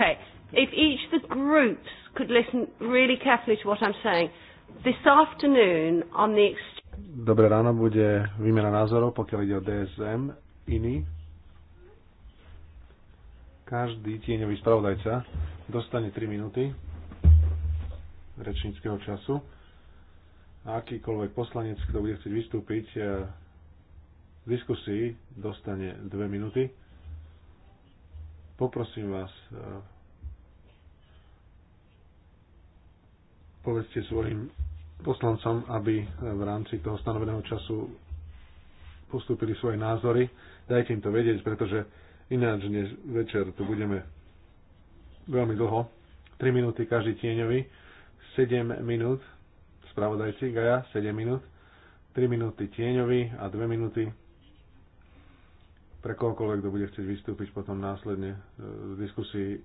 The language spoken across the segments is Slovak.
Okay. If each of the groups could listen really carefully to what I'm saying. This afternoon on the Dobré ráno bude výmena názorov, pokiaľ ide o DSM, iný. Každý tieňový spravodajca dostane 3 minúty rečníckého času. A akýkoľvek poslanec, kto bude chcieť vystúpiť eh, v diskusii, dostane 2 minúty. Poprosím vás, eh, povedzte svojim poslancom, aby eh, v rámci toho stanoveného času postúpili svoje názory. Dajte im to vedieť, pretože ináč než večer tu budeme veľmi dlho. 3 minúty každý tieňový, 7 minút spravodajci Gaja, 7 minút, 3 minúty tieňovi a 2 minúty pre koľkoľvek, kto bude chcieť vystúpiť potom následne eh, v diskusii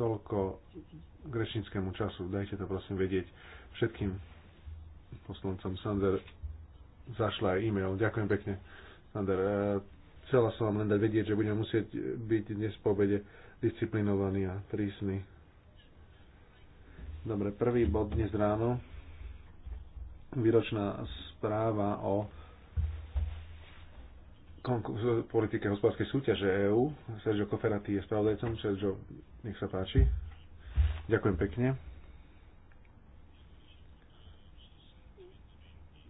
Toľko k rečníckému času. Dajte to prosím vedieť všetkým poslancom. Sander zašla aj e-mail. Ďakujem pekne. Sander, e, chcela som vám len dať vedieť, že budeme musieť byť dnes po obede disciplinovaní a prísni. Dobre, prvý bod dnes ráno. Výročná správa o politike hospodárskej súťaže EÚ. Sergio Koferati je spravodajcom. Sergio, nech sa páči. Ďakujem pekne.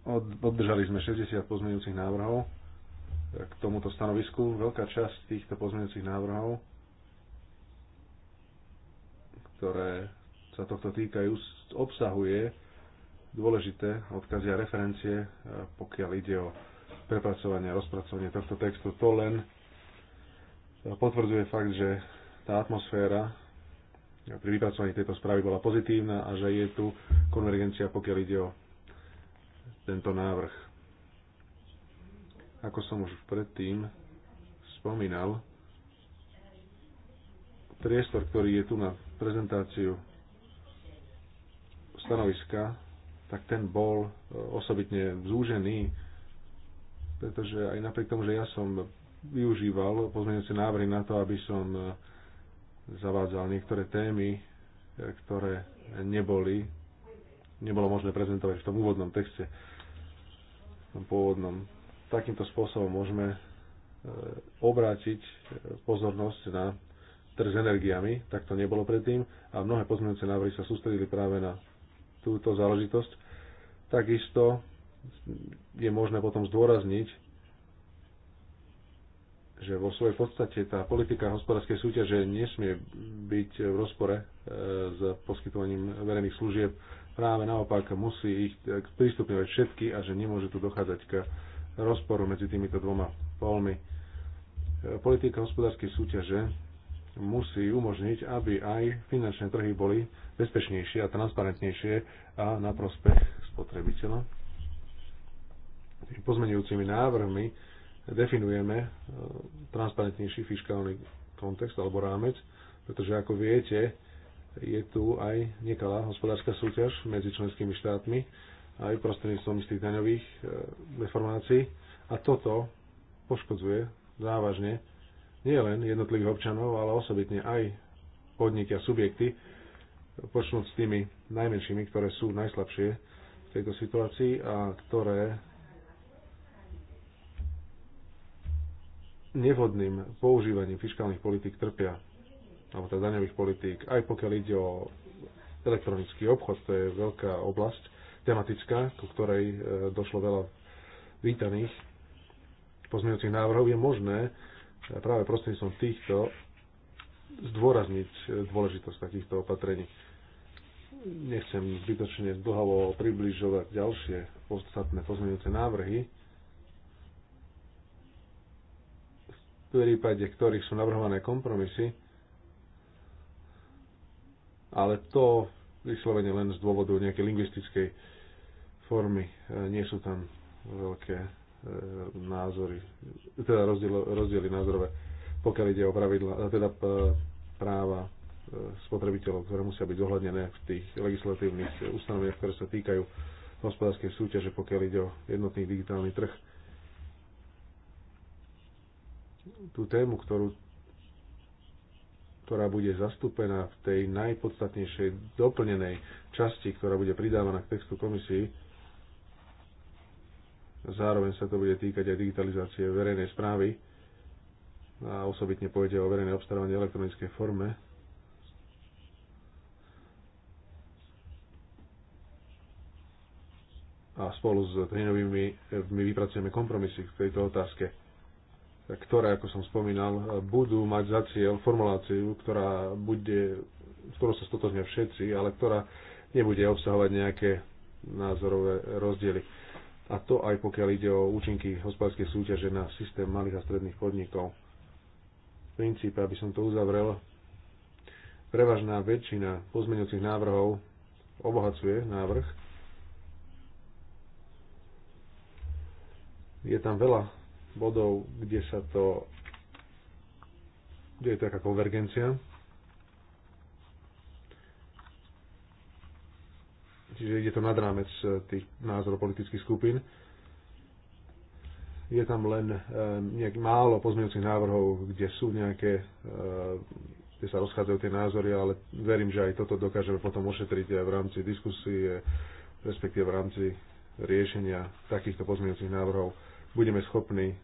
Od, oddržali sme 60 pozmeňujúcich návrhov k tomuto stanovisku. Veľká časť týchto pozmeňujúcich návrhov, ktoré sa tohto týkajú, obsahuje dôležité odkazy a referencie, pokiaľ ide o prepracovanie a rozpracovanie tohto textu. To len potvrdzuje fakt, že tá atmosféra pri vypracovaní tejto správy bola pozitívna a že je tu konvergencia, pokiaľ ide o tento návrh. Ako som už predtým spomínal, priestor, ktorý je tu na prezentáciu stanoviska, tak ten bol e, osobitne zúžený, pretože aj napriek tomu, že ja som využíval pozmeňujúce návrhy na to, aby som e, zavádzal niektoré témy, e, ktoré neboli, nebolo možné prezentovať v tom úvodnom texte, v tom pôvodnom. Takýmto spôsobom môžeme e, obrátiť e, pozornosť na trh s energiami, tak to nebolo predtým a mnohé pozmeňujúce návrhy sa sústredili práve na túto záležitosť. Takisto je možné potom zdôrazniť že vo svojej podstate tá politika hospodárskej súťaže nesmie byť v rozpore e, s poskytovaním verejných služieb. Práve naopak musí ich prístupňovať všetky a že nemôže tu dochádzať k rozporu medzi týmito dvoma polmi. E, politika hospodárskej súťaže musí umožniť, aby aj finančné trhy boli bezpečnejšie a transparentnejšie a na prospech spotrebiteľa. Tými pozmenujúcimi návrhmi definujeme e, transparentnejší fiskálny kontext alebo rámec, pretože ako viete, je tu aj nekalá hospodárska súťaž medzi členskými štátmi, aj prostredníctvom istých daňových e, deformácií. A toto poškodzuje závažne nielen jednotlivých občanov, ale osobitne aj podniky a subjekty, počnúť s tými najmenšími, ktoré sú najslabšie v tejto situácii a ktoré nevhodným používaním fiskálnych politík trpia, alebo teda daňových politík, aj pokiaľ ide o elektronický obchod, to je veľká oblasť tematická, ku ktorej e, došlo veľa vítaných pozmeňujúcich návrhov, je možné e, práve prostredníctvom týchto zdôrazniť e, dôležitosť takýchto opatrení. Nechcem zbytočne dlhovo približovať ďalšie podstatné pozmeňujúce návrhy, prípade ktorých sú navrhované kompromisy, ale to vyslovene len z dôvodu nejakej lingvistickej formy. E, nie sú tam veľké e, názory, teda rozdiel, rozdiely názorové, pokiaľ ide o pravidla, e, teda práva spotrebiteľov, ktoré musia byť zohľadnené v tých legislatívnych ustanoveniach, ktoré sa týkajú hospodárskej súťaže, pokiaľ ide o jednotný digitálny trh tú tému, ktorú, ktorá bude zastúpená v tej najpodstatnejšej doplnenej časti, ktorá bude pridávaná k textu komisii. Zároveň sa to bude týkať aj digitalizácie verejnej správy a osobitne pôjde o verejné obstarávanie elektronickej forme. A spolu s Trinovými my vypracujeme kompromisy v tejto otázke ktoré, ako som spomínal, budú mať za cieľ formuláciu, ktorá bude, ktorú ktorou sa stotožnia všetci, ale ktorá nebude obsahovať nejaké názorové rozdiely. A to aj pokiaľ ide o účinky hospodárskej súťaže na systém malých a stredných podnikov. V princípe, aby som to uzavrel, prevažná väčšina pozmeňujúcich návrhov obohacuje návrh. Je tam veľa bodov, kde sa to kde je taká konvergencia. Čiže ide to nad rámec eh, tých názorov politických skupín. Je tam len eh, nejak málo pozmeňujúcich návrhov, kde sú nejaké, eh, kde sa rozchádzajú tie názory, ale verím, že aj toto dokážeme potom ošetriť aj v rámci diskusie, respektíve v rámci riešenia takýchto pozmeňujúcich návrhov budeme schopní e,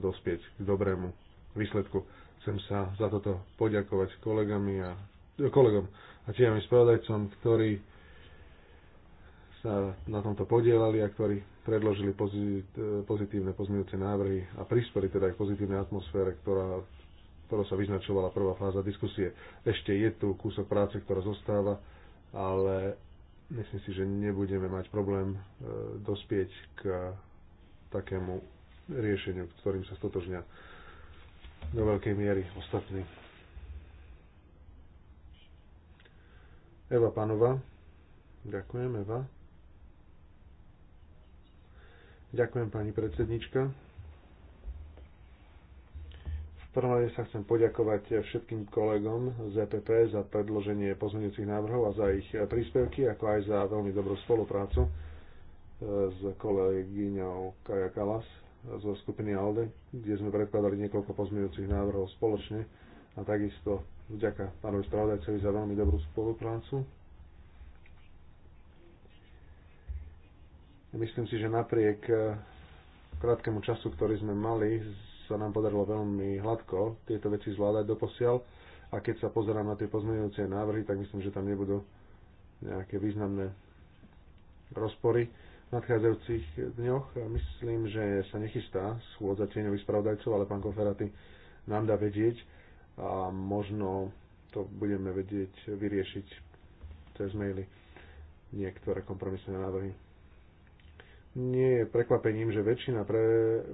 dospieť k dobrému výsledku. Chcem sa za toto poďakovať kolegami a, e, kolegom a tieňami spravodajcom, ktorí sa na tomto podielali a ktorí predložili e, pozitívne pozmeňujúce návrhy a prispeli teda aj k pozitívnej atmosfére, ktorá, ktorou sa vyznačovala prvá fáza diskusie. Ešte je tu kúsok práce, ktorá zostáva, ale myslím si, že nebudeme mať problém dospieť k takému riešeniu, ktorým sa stotožňa do veľkej miery ostatní. Eva Panova. Ďakujem, Eva. Ďakujem, pani predsednička. V prvom rade sa chcem poďakovať všetkým kolegom z EPP za predloženie pozmeňujúcich návrhov a za ich príspevky, ako aj za veľmi dobrú spoluprácu s kolegyňou Kaja Kalas zo skupiny ALDE, kde sme predkladali niekoľko pozmeňujúcich návrhov spoločne a takisto vďaka pánovi spravodajcovi za veľmi dobrú spoluprácu. Myslím si, že napriek eh, krátkemu času, ktorý sme mali, sa nám podarilo veľmi hladko tieto veci zvládať doposiaľ a keď sa pozerám na tie pozmeňujúce návrhy, tak myslím, že tam nebudú nejaké významné rozpory nadchádzajúcich dňoch. Myslím, že sa nechystá schôdza tieňových spravodajcov, ale pán Koferaty nám dá vedieť a možno to budeme vedieť vyriešiť cez maily niektoré kompromisné návrhy. Nie je prekvapením, že väčšina pre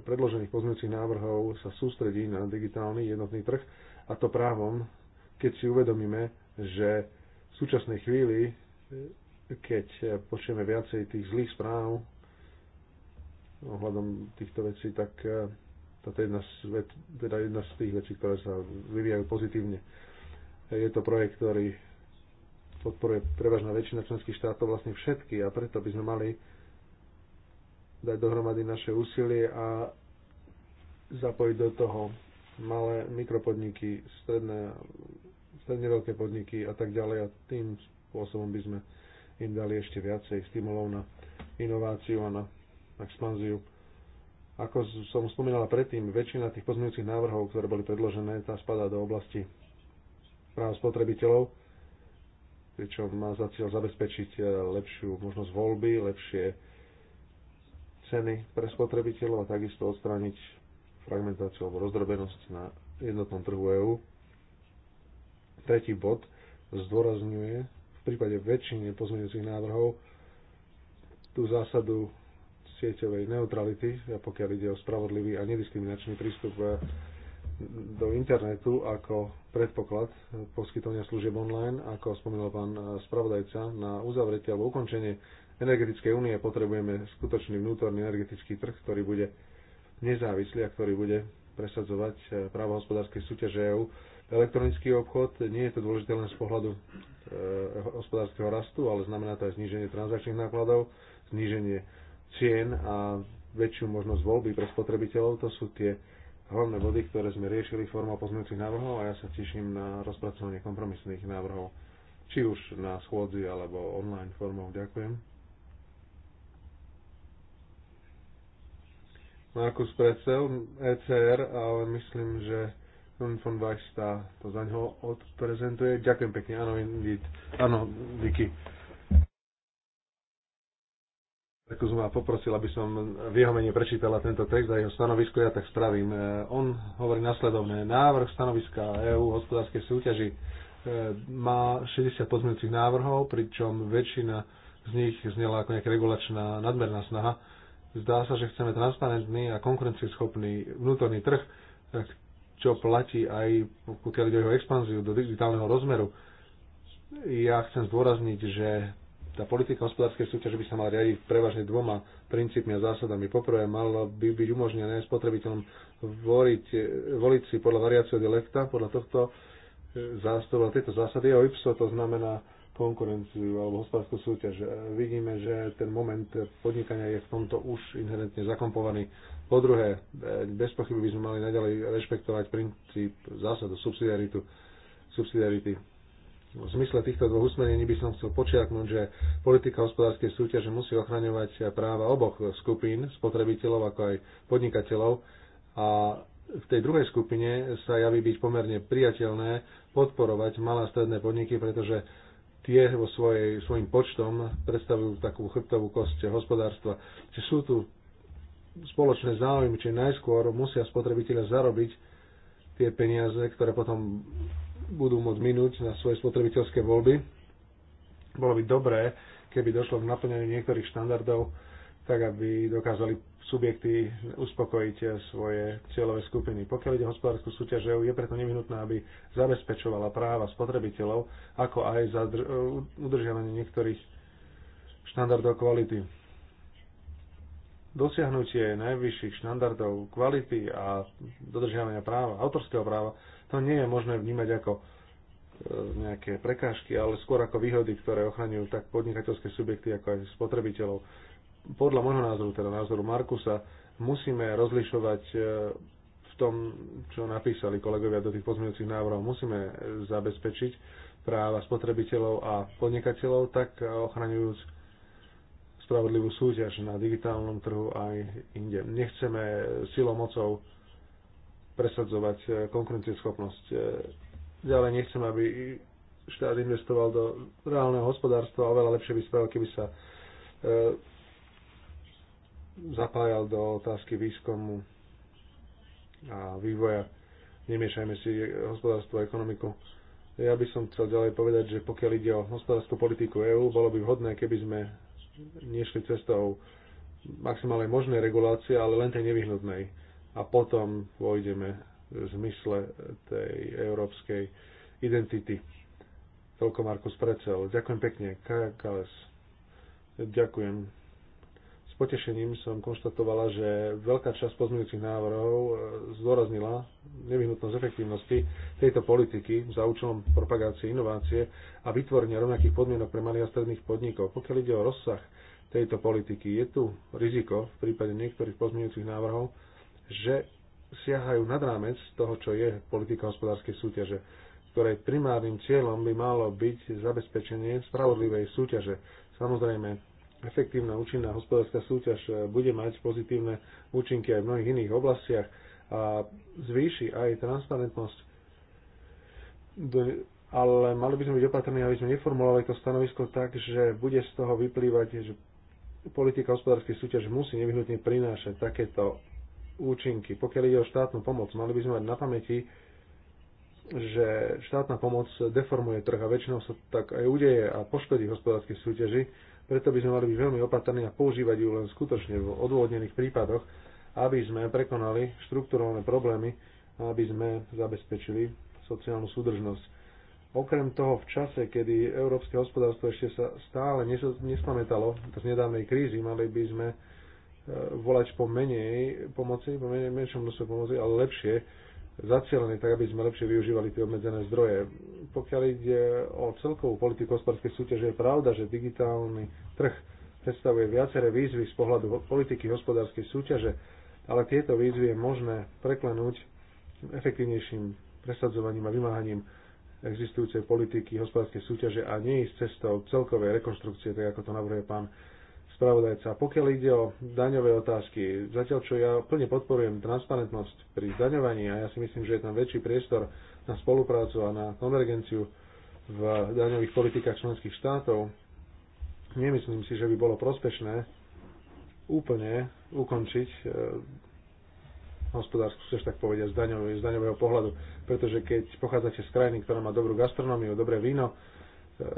predložených pozmeňujúcich návrhov sa sústredí na digitálny jednotný trh a to právom, keď si uvedomíme, že v súčasnej chvíli keď eh, počujeme viacej tých zlých správ ohľadom týchto vecí, tak eh, toto je jedna z, teda jedna z tých vecí, ktoré sa vyvíjajú pozitívne. Je to projekt, ktorý podporuje prevažná väčšina členských štátov, vlastne všetky a preto by sme mali dať dohromady naše úsilie a zapojiť do toho malé mikropodniky, stredné, stredne veľké podniky a tak ďalej a tým spôsobom by sme im dali ešte viacej stimulov na inováciu a na expanziu. Ako som spomínala predtým, väčšina tých pozmeňujúcich návrhov, ktoré boli predložené, tá spadá do oblasti práv spotrebiteľov, pričom má za cieľ zabezpečiť eh, lepšiu možnosť voľby, lepšie ceny pre spotrebiteľov a takisto odstrániť fragmentáciu alebo rozdrobenosť na jednotnom trhu EÚ. Tretí bod zdôrazňuje prípade väčšine pozmeňujúcich návrhov tú zásadu sieťovej neutrality, pokiaľ ide o spravodlivý a nediskriminačný prístup eh, do internetu ako predpoklad poskytovania služieb online, ako spomínal pán eh, spravodajca, na uzavretie alebo ukončenie energetickej únie potrebujeme skutočný vnútorný energetický trh, ktorý bude nezávislý a ktorý bude presadzovať eh, právo hospodárskej súťaže EU elektronický obchod. Nie je to dôležité len z pohľadu e, hospodárskeho rastu, ale znamená to aj zníženie transakčných nákladov, zníženie cien a väčšiu možnosť voľby pre spotrebiteľov. To sú tie hlavné body, ktoré sme riešili formou pozmeňujúcich návrhov a ja sa teším na rozpracovanie kompromisných návrhov, či už na schôdzi alebo online formou. Ďakujem. Markus Precel, ECR, ale myslím, že von Vajsta to za ňoho odprezentuje. Ďakujem pekne, áno, Indit. Áno, Vicky. Tak som ma poprosil, aby som v jeho mene prečítala tento text a jeho stanovisko, ja tak spravím. E, on hovorí nasledovne. Návrh stanoviska EÚ hospodárskej súťaži e, má 60 pozmeňujúcich návrhov, pričom väčšina z nich znela ako nejaká regulačná nadmerná snaha. Zdá sa, že chceme transparentný a konkurencieschopný vnútorný trh, e, čo platí aj pokiaľ ide o jeho expanziu do digitálneho rozmeru. Ja chcem zdôrazniť, že tá politika hospodárskej súťaže by sa mala riadiť prevažne dvoma princípmi a zásadami. Poprvé, malo by byť umožnené spotrebiteľom voliť, voliť si podľa variácie dialekta, podľa tohto e, zástupu, tejto zásady EOY, to znamená konkurenciu alebo hospodárskú súťaž. E, vidíme, že ten moment podnikania je v tomto už inherentne zakompovaný. Po druhé, e, bez pochyby by sme mali naďalej rešpektovať princíp zásadu subsidiaritu, subsidiarity. V zmysle týchto dvoch usmernení by som chcel počiaknúť, že politika hospodárskej súťaže musí ochraňovať práva oboch skupín, spotrebiteľov ako aj podnikateľov a v tej druhej skupine sa javí byť pomerne priateľné podporovať malé a stredné podniky, pretože tie vo svojej, svojim počtom predstavujú takú chrbtovú kosť hospodárstva. Či sú tu spoločné záujmy, či najskôr musia spotrebitelia zarobiť tie peniaze, ktoré potom budú môcť minúť na svoje spotrebiteľské voľby. Bolo by dobré, keby došlo k naplňaniu niektorých štandardov, tak aby dokázali subjekty uspokojiť svoje cieľové skupiny. Pokiaľ ide hospodárskú súťaž EU, je preto nevyhnutné, aby zabezpečovala práva spotrebiteľov, ako aj za udržiavanie niektorých štandardov kvality. Dosiahnutie najvyšších štandardov kvality a dodržiavania práva, autorského práva, to nie je možné vnímať ako e, nejaké prekážky, ale skôr ako výhody, ktoré ochraňujú tak podnikateľské subjekty, ako aj spotrebiteľov podľa môjho názoru, teda názoru Markusa, musíme rozlišovať e, v tom, čo napísali kolegovia do tých pozmeňujúcich návrhov. Musíme zabezpečiť práva spotrebiteľov a podnikateľov, tak ochraňujúc spravodlivú súťaž na digitálnom trhu aj inde. Nechceme silou mocou presadzovať e, konkurencieschopnosť. E, ďalej nechcem, aby štát investoval do reálneho hospodárstva, oveľa lepšie by spravil, keby sa zapájal do otázky výskumu a vývoja. Nemiešajme si hospodárstvo a ekonomiku. Ja by som chcel ďalej povedať, že pokiaľ ide o hospodárskú politiku EÚ, bolo by vhodné, keby sme nešli cestou maximálnej možnej regulácie, ale len tej nevyhnutnej. A potom vojdeme v zmysle tej európskej identity. Toľko Markus Precel. Ďakujem pekne. Kaja Kales. Ďakujem potešením som konštatovala, že veľká časť pozmeňujúcich návrhov e, zdôraznila nevyhnutnosť efektívnosti tejto politiky za účelom propagácie inovácie a vytvorenia rovnakých podmienok pre malých a stredných podnikov. Pokiaľ ide o rozsah tejto politiky, je tu riziko v prípade niektorých pozmeňujúcich návrhov, že siahajú nad rámec toho, čo je politika hospodárskej súťaže ktorej primárnym cieľom by malo byť zabezpečenie spravodlivej súťaže. Samozrejme, efektívna účinná hospodárska súťaž e, bude mať pozitívne účinky aj v mnohých iných oblastiach a zvýši aj transparentnosť. Ale mali by sme byť opatrní, aby sme neformulovali to stanovisko tak, že bude z toho vyplývať, že politika hospodárskej súťaž musí nevyhnutne prinášať takéto účinky. Pokiaľ ide o štátnu pomoc, mali by sme mať na pamäti, že štátna pomoc deformuje trh a väčšinou sa tak aj udeje a poškodí hospodárske súťaži, preto by sme mali byť veľmi opatrní a používať ju len skutočne v odôvodnených prípadoch, aby sme prekonali štruktúrálne problémy a aby sme zabezpečili sociálnu súdržnosť. Okrem toho, v čase, kedy európske hospodárstvo ešte sa stále nespamätalo z nedávnej krízy, mali by sme e, volať po menej pomoci, po menej, menšom množstve pomoci, ale lepšie zacielený tak, aby sme lepšie využívali tie obmedzené zdroje. Pokiaľ ide o celkovú politiku hospodárskej súťaže, je pravda, že digitálny trh predstavuje viaceré výzvy z pohľadu politiky hospodárskej súťaže, ale tieto výzvy je možné preklenúť efektívnejším presadzovaním a vymáhaním existujúcej politiky hospodárskej súťaže a neísť cestou celkovej rekonštrukcie, tak ako to navrhuje pán spravodajca. Pokiaľ ide o daňové otázky, zatiaľ čo ja plne podporujem transparentnosť pri zdaňovaní a ja si myslím, že je tam väčší priestor na spoluprácu a na konvergenciu v daňových politikách členských štátov, nemyslím si, že by bolo prospešné úplne ukončiť e, hospodárskú tak povedia, z, daňový, z daňového pohľadu. Pretože keď pochádzate z krajiny, ktorá má dobrú gastronómiu, dobré víno,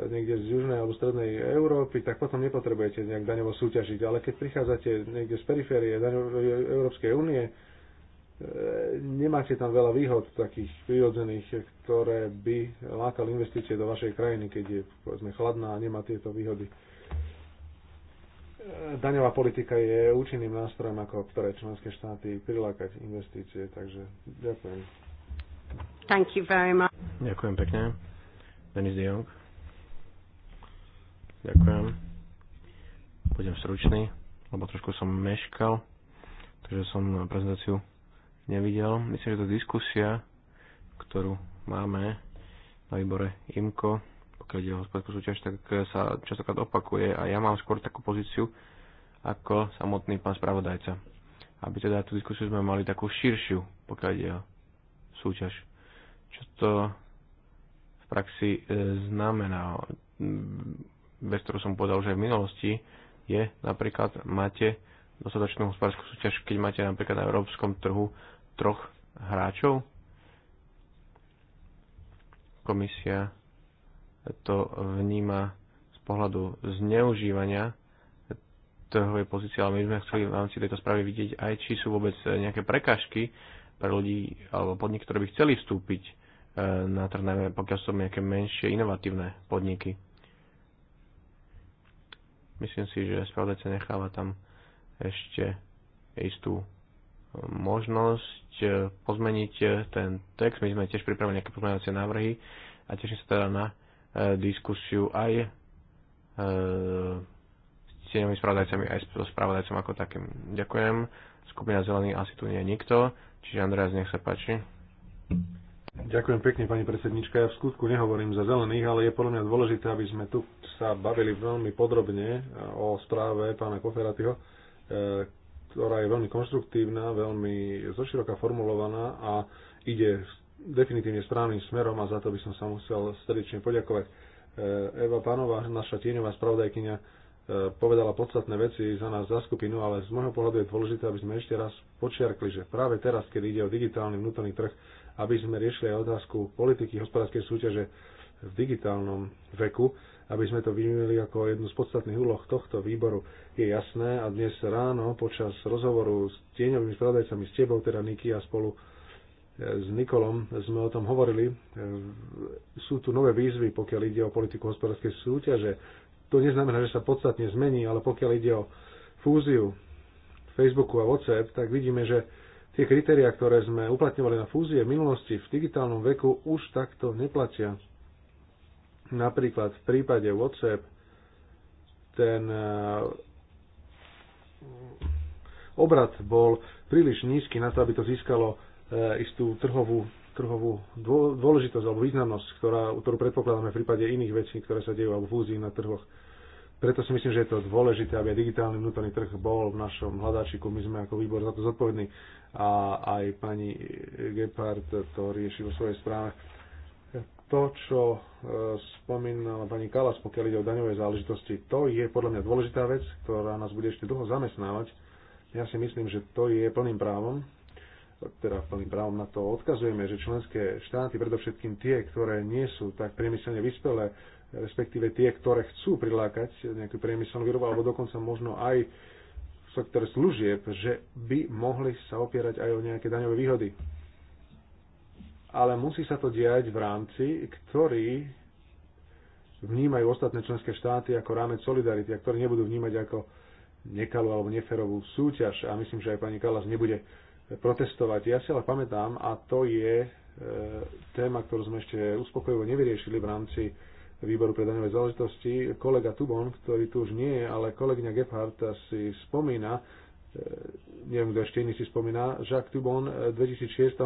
niekde z južnej alebo strednej Európy, tak potom nepotrebujete nejak daňovo súťažiť. Ale keď prichádzate niekde z periférie Európskej únie, e, nemáte tam veľa výhod takých prirodzených, ktoré by lákali investície do vašej krajiny, keď je povedzme chladná a nemá tieto výhody. E, daňová politika je účinným nástrojom, ako ktoré členské štáty prilákať investície, takže ďakujem. Thank you very much. Ďakujem pekne. Denis de Jong. Ďakujem. Budem stručný, lebo trošku som meškal, takže som prezentáciu nevidel. Myslím, že to diskusia, ktorú máme na výbore IMKO, pokiaľ ide o hospodárskú súťaž, tak sa častokrát opakuje a ja mám skôr takú pozíciu ako samotný pán spravodajca. Aby teda tú diskusiu sme mali takú širšiu, pokiaľ ide o súťaž. Čo to v praxi e, znamená? bez ktorú som povedal, že v minulosti, je napríklad máte dostatočnú hospodárskú súťaž, keď máte napríklad na európskom trhu troch hráčov. Komisia to vníma z pohľadu zneužívania trhovej pozície, ale my sme chceli v rámci tejto správy vidieť aj, či sú vôbec nejaké prekážky pre ľudí alebo podnik, ktoré by chceli vstúpiť eh, na trh, najmä pokiaľ sú nejaké menšie inovatívne podniky. Myslím si, že spravodajca necháva tam ešte istú e, možnosť e, pozmeniť e, ten text. My sme tiež pripravili nejaké pozmeňovacie návrhy a teším sa teda na diskusiu aj s tieňovými spravodajcami, aj so spravodajcom ako takým. Ďakujem. Skupina zelených asi tu nie je nikto, čiže Andreas, nech sa páči. Ďakujem pekne, pani predsednička. Ja v skutku nehovorím za zelených, ale je podľa mňa dôležité, aby sme tu sa bavili veľmi podrobne o správe pána Koferatyho, eh, ktorá je veľmi konštruktívna, veľmi zoširoka formulovaná a ide definitívne správnym smerom a za to by som sa musel srdečne poďakovať. Eh, Eva Panová, naša tieňová spravodajkynia, eh, povedala podstatné veci za nás, za skupinu, ale z môjho pohľadu je dôležité, aby sme ešte raz počiarkli, že práve teraz, keď ide o digitálny vnútorný trh, aby sme riešili aj otázku politiky hospodárskej súťaže v digitálnom veku, aby sme to vymenili ako jednu z podstatných úloh tohto výboru. Je jasné a dnes ráno počas rozhovoru s tieňovými spravodajcami, s tebou, teda Niky a spolu e, s Nikolom sme o tom hovorili. E, sú tu nové výzvy, pokiaľ ide o politiku hospodárskej súťaže. To neznamená, že sa podstatne zmení, ale pokiaľ ide o fúziu Facebooku a WhatsApp, tak vidíme, že Tie kritéria, ktoré sme uplatňovali na fúzie v minulosti v digitálnom veku, už takto neplatia. Napríklad v prípade WhatsApp ten e, obrad bol príliš nízky na to, aby to získalo e, istú trhovú, trhovú dôležitosť alebo významnosť, ktorá, ktorú predpokladáme v prípade iných vecí, ktoré sa dejú alebo fúzií na trhoch. Preto si myslím, že je to dôležité, aby digitálny vnútorný trh bol v našom hľadáčiku. My sme ako výbor za to zodpovední a aj pani Gepard to rieši vo svojej správe. To, čo e, spomínala pani Kalas, pokiaľ ide o daňové záležitosti, to je podľa mňa dôležitá vec, ktorá nás bude ešte dlho zamestnávať. Ja si myslím, že to je plným právom, teda plným právom na to odkazujeme, že členské štáty, predovšetkým tie, ktoré nie sú tak priemyselne vyspelé, respektíve tie, ktoré chcú prilákať nejakú priemyselnú výrobu, alebo dokonca možno aj sektor služieb, že by mohli sa opierať aj o nejaké daňové výhody. Ale musí sa to diať v rámci, ktorý vnímajú ostatné členské štáty ako rámec solidarity a ktorí nebudú vnímať ako nekalú alebo neferovú súťaž. A myslím, že aj pani Kalas nebude protestovať. Ja si ale pamätám, a to je e, téma, ktorú sme ešte uspokojivo nevyriešili v rámci výboru pre daňové záležitosti. Kolega Tubon, ktorý tu už nie je, ale kolegyňa Gephardt si spomína, e, neviem, kto ešte iný si spomína, Jacques Tubon e, v 2006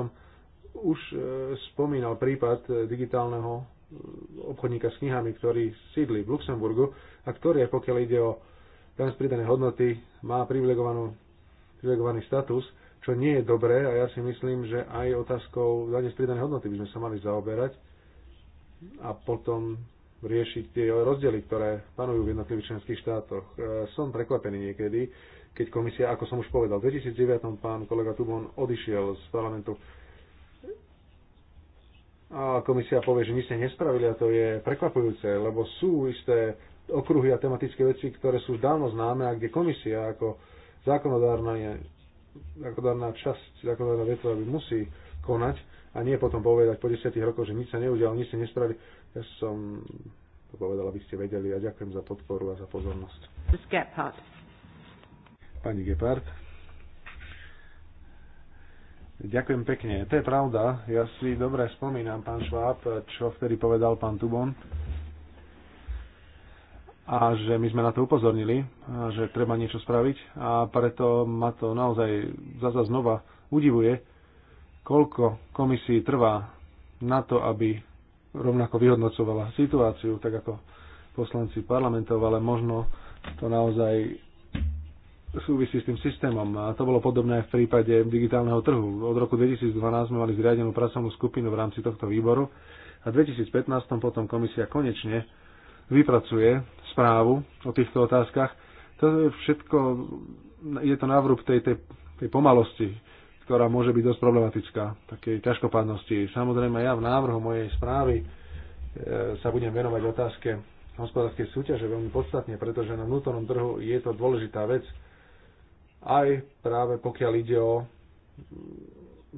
už e, spomínal prípad digitálneho obchodníka s knihami, ktorý sídli v Luxemburgu a ktorý, pokiaľ ide o daň z pridanej hodnoty, má privilegovaný status, čo nie je dobré a ja si myslím, že aj otázkou dane z pridanej hodnoty by sme sa mali zaoberať a potom riešiť tie rozdiely, ktoré panujú v jednotlivých členských štátoch. E, som prekvapený niekedy, keď komisia, ako som už povedal, v 2009 pán kolega Tubon odišiel z parlamentu a komisia povie, že nič ste nespravili a to je prekvapujúce, lebo sú isté okruhy a tematické veci, ktoré sú dávno známe a kde komisia ako zákonodárna, je, zákonodárna časť, zákonodárna vetva by musí konať a nie potom povedať po 10 rokoch, že nič sa neudialo, nič sa nespraví. Ja som to povedal, aby ste vedeli a ďakujem za podporu a za pozornosť. Pani Gepard. Ďakujem pekne. To je pravda. Ja si dobre spomínam, pán Šváb, čo vtedy povedal pán Tubon. A že my sme na to upozornili, že treba niečo spraviť. A preto ma to naozaj zaza znova udivuje, koľko komisii trvá na to, aby rovnako vyhodnocovala situáciu, tak ako poslanci parlamentov, ale možno to naozaj súvisí s tým systémom. A to bolo podobné aj v prípade digitálneho trhu. Od roku 2012 sme mali zriadenú pracovnú skupinu v rámci tohto výboru a v 2015 potom komisia konečne vypracuje správu o týchto otázkach. To je všetko, je to návrub tej, tej, tej pomalosti, ktorá môže byť dosť problematická, takej ťažkopádnosti. Samozrejme, ja v návrhu mojej správy e, sa budem venovať otázke hospodárskej súťaže veľmi podstatne, pretože na vnútornom trhu je to dôležitá vec, aj práve pokiaľ ide o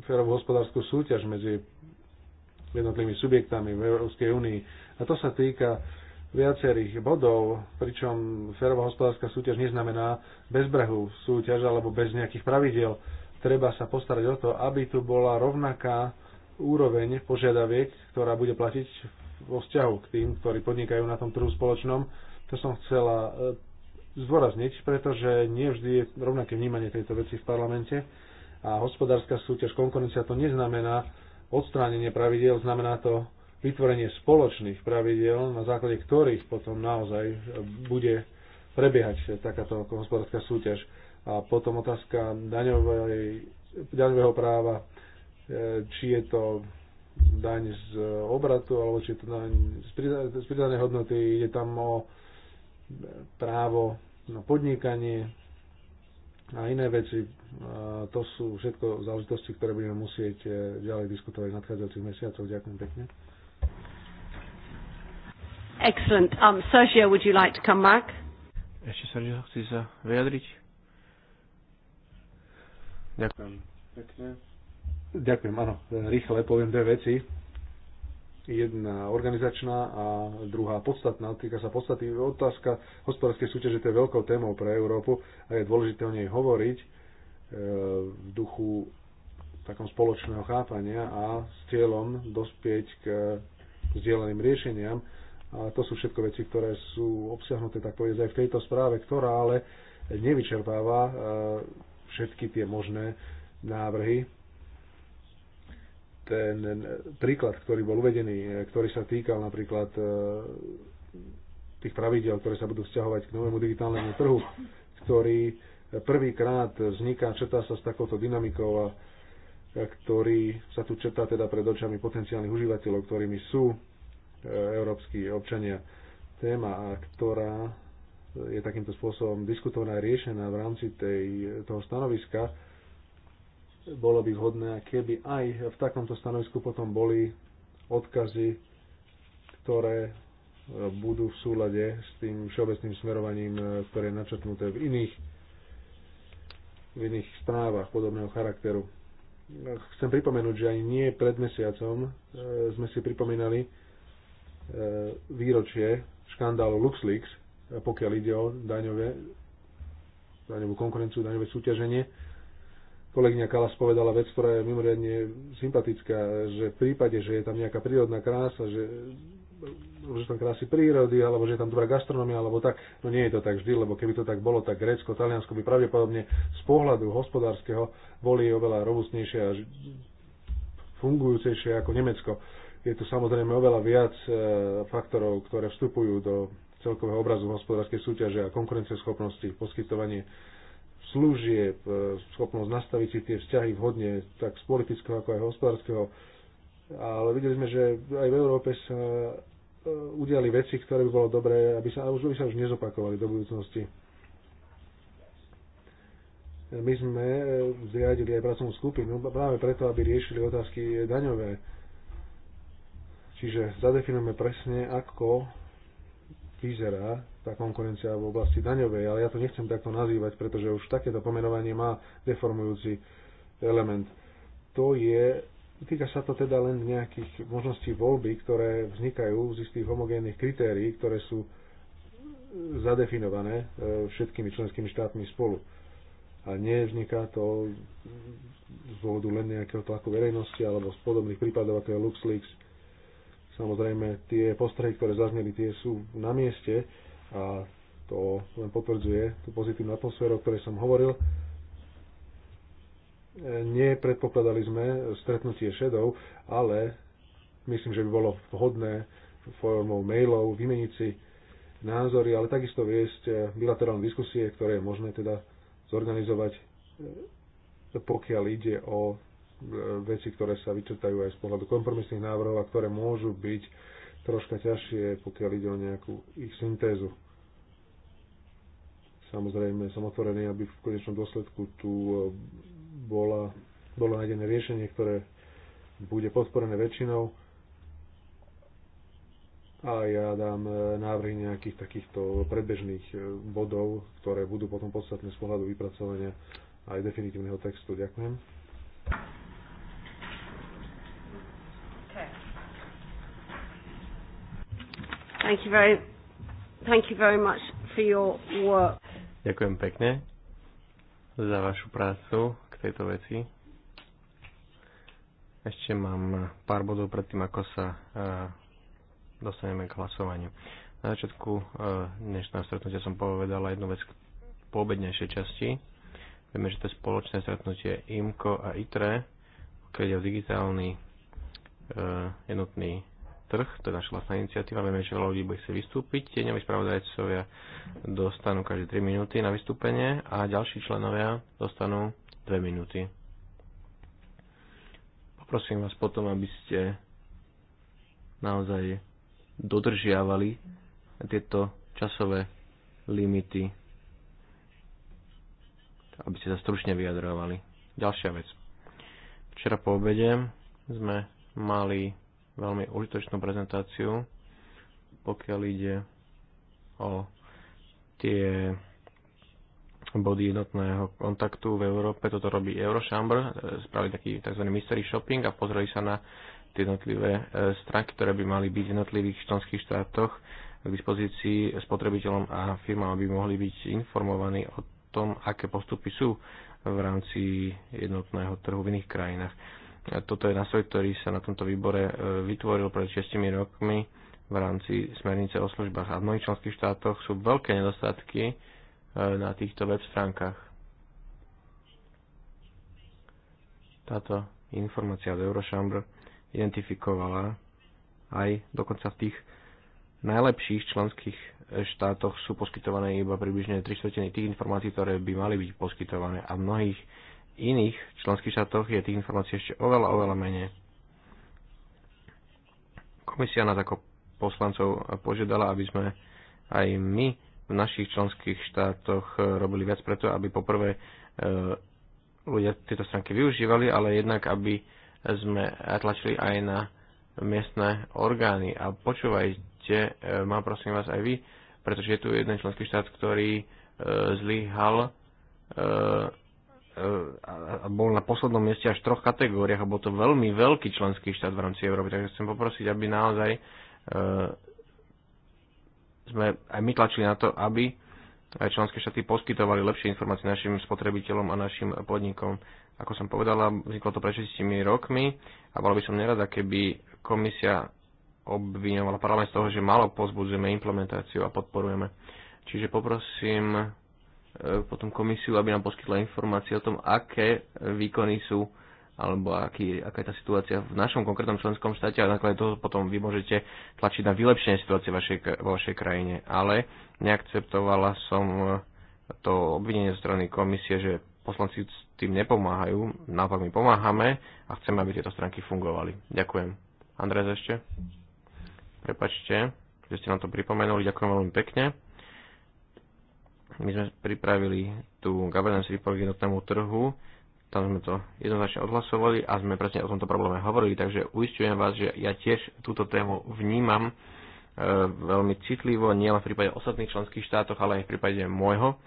férovú hospodárskú súťaž medzi jednotlivými subjektami v Európskej únii. A to sa týka viacerých bodov, pričom férová hospodárska súťaž neznamená bezbrehu súťaž alebo bez nejakých pravidiel treba sa postarať o to, aby tu bola rovnaká úroveň požiadaviek, ktorá bude platiť vo vzťahu k tým, ktorí podnikajú na tom trhu spoločnom. To som chcela e, zdôrazniť, pretože nie vždy je rovnaké vnímanie tejto veci v parlamente a hospodárska súťaž, konkurencia to neznamená odstránenie pravidel, znamená to vytvorenie spoločných pravidel, na základe ktorých potom naozaj e, bude prebiehať takáto hospodárska súťaž. A potom otázka daňovej, daňového práva, e, či je to daň z obratu, alebo či je to daň z pridanej hodnoty, ide tam o právo na podnikanie a iné veci. To sú všetko záležitosti, ktoré budeme musieť e, ďalej diskutovať v nadchádzajúcich mesiacoch. Ďakujem pekne. Excellent. Um, Sergio, would you like to come back? Ešte Sergio, chci sa vyjadriť? Ďakujem. Pekne. Ďakujem, áno. Rýchle poviem dve veci. Jedna organizačná a druhá podstatná. Týka sa podstaty otázka hospodárskej súťaže, to je veľkou témou pre Európu a je dôležité o nej hovoriť e, v duchu takom spoločného chápania a s cieľom dospieť k vzdieleným riešeniam. A to sú všetko veci, ktoré sú obsiahnuté, tak povedať, aj v tejto správe, ktorá ale nevyčerpáva e, všetky tie možné návrhy. Ten príklad, ktorý bol uvedený, e, ktorý sa týkal napríklad e, tých pravidel, ktoré sa budú vzťahovať k novému digitálnemu trhu, ktorý e, prvýkrát vzniká, četá sa s takouto dynamikou a ktorý sa tu četá teda pred očami potenciálnych užívateľov, ktorými sú európsky občania. Téma, ktorá je takýmto spôsobom diskutovaná a riešená v rámci tej, toho stanoviska, bolo by vhodné, keby aj v takomto stanovisku potom boli odkazy, ktoré e, budú v súlade s tým všeobecným smerovaním, e, ktoré je načrtnuté v iných, v iných správach podobného charakteru. Chcem pripomenúť, že aj nie pred mesiacom e, sme si pripomínali výročie škandálu LuxLeaks, pokiaľ ide o daňové, daňovú konkurenciu, daňové súťaženie. Kolegyňa Kalas povedala vec, ktorá je mimoriadne sympatická, že v prípade, že je tam nejaká prírodná krása, že že tam krásy prírody, alebo že je tam dobrá gastronomia, alebo tak. No nie je to tak vždy, lebo keby to tak bolo, tak Grécko, Taliansko by pravdepodobne z pohľadu hospodárskeho boli oveľa robustnejšie a fungujúcejšie ako Nemecko. Je tu samozrejme oveľa viac e, faktorov, ktoré vstupujú do celkového obrazu hospodárskej súťaže a konkurencieschopnosti, poskytovanie služieb, e, schopnosť nastaviť si tie vzťahy vhodne, tak z politického ako aj hospodárskeho. Ale videli sme, že aj v Európe sa e, udiali veci, ktoré by bolo dobré, aby sa, aby by sa už nezopakovali do budúcnosti. My sme e, zriadili aj pracovnú skupinu práve preto, aby riešili otázky daňové. Čiže zadefinujeme presne, ako vyzerá tá konkurencia v oblasti daňovej, ale ja to nechcem takto nazývať, pretože už takéto pomenovanie má deformujúci element. To je, týka sa to teda len nejakých možností voľby, ktoré vznikajú z istých homogénnych kritérií, ktoré sú zadefinované e, všetkými členskými štátmi spolu. A nevzniká to z dôvodu len nejakého tlaku verejnosti alebo z podobných prípadov, ako je LuxLeaks, Samozrejme, tie postrehy, ktoré zazneli, tie sú na mieste a to len potvrdzuje tú pozitívnu atmosféru, o ktorej som hovoril. Nepredpokladali sme stretnutie šedov, ale myslím, že by bolo vhodné formou mailov vymeniť si názory, ale takisto viesť bilaterálne diskusie, ktoré je možné teda zorganizovať, pokiaľ ide o veci, ktoré sa vyčetajú aj z pohľadu kompromisných návrhov a ktoré môžu byť troška ťažšie, pokiaľ ide o nejakú ich syntézu. Samozrejme, som otvorený, aby v konečnom dôsledku tu e, bola, bolo nájdené riešenie, ktoré bude podporené väčšinou a ja dám e, návrhy nejakých takýchto predbežných e, bodov, ktoré budú potom podstatné z pohľadu vypracovania aj definitívneho textu. Ďakujem. Thank you very, thank you very much for your work. Ďakujem pekne za vašu prácu k tejto veci. Ešte mám pár bodov predtým, ako sa uh, dostaneme k hlasovaniu. Na začiatku uh, dnešného stretnutia som povedala jednu vec k poobednejšej časti. Vieme, že to je spoločné stretnutie IMCO a ITRE, keď je o digitálny uh, jednotný trh, to je naša vlastná iniciatíva, vieme, že veľa ľudí bude chcieť vystúpiť, tieňoví spravodajcovia dostanú každé 3 minúty na vystúpenie a ďalší členovia dostanú 2 minúty. Poprosím vás potom, aby ste naozaj dodržiavali tieto časové limity, aby ste sa stručne vyjadrovali. Ďalšia vec. Včera po obede sme mali veľmi užitočnú prezentáciu, pokiaľ ide o tie body jednotného kontaktu v Európe. Toto robí Eurochamber, e, spravili taký tzv. mystery shopping a pozreli sa na tie jednotlivé e, stránky, ktoré by mali byť v jednotlivých členských štátoch k dispozícii spotrebiteľom a firmám, aby mohli byť informovaní o tom, aké postupy sú v rámci jednotného trhu v iných krajinách. Toto je nástroj, ktorý sa na tomto výbore e, vytvoril pred 6 rokmi v rámci smernice o službách a v mnohých členských štátoch sú veľké nedostatky e, na týchto web stránkach. Táto informácia od Eurochamber identifikovala aj dokonca v tých najlepších členských štátoch sú poskytované iba približne 3 tých informácií, ktoré by mali byť poskytované a v mnohých iných členských štátoch je tých informácií ešte oveľa, oveľa menej. Komisia nás ako poslancov požiadala, aby sme aj my v našich členských štátoch robili viac preto, aby poprvé e, ľudia tieto stránky využívali, ale jednak, aby sme tlačili aj na miestne orgány. A počúvajte, e, mám prosím vás aj vy, pretože je tu jeden členský štát, ktorý e, zlyhal bol na poslednom mieste až v troch kategóriách a bol to veľmi veľký členský štát v rámci Európy, takže chcem poprosiť, aby naozaj e, sme aj my tlačili na to, aby aj členské štáty poskytovali lepšie informácie našim spotrebiteľom a našim podnikom. Ako som povedala, vzniklo to pred 6 rokmi a bolo by som nerada, keby komisia obviňovala parlament z toho, že málo pozbudzujeme implementáciu a podporujeme. Čiže poprosím E, potom komisiu, aby nám poskytla informácie o tom, aké výkony sú alebo aký, aká je tá situácia v našom konkrétnom členskom štáte a nakoniec toho potom vy môžete tlačiť na vylepšenie situácie vašej, vo vašej krajine. Ale neakceptovala som e, to obvinenie zo strany komisie, že poslanci s tým nepomáhajú, naopak my pomáhame a chceme, aby tieto stránky fungovali. Ďakujem. Andrej ešte? Prepačte, že ste nám to pripomenuli, ďakujem veľmi pekne. My sme pripravili tú governance report k jednotnému trhu, tam sme to jednoznačne odhlasovali a sme presne o tomto probléme hovorili, takže uistujem vás, že ja tiež túto tému vnímam e, veľmi citlivo, nielen v prípade ostatných členských štátoch, ale aj v prípade môjho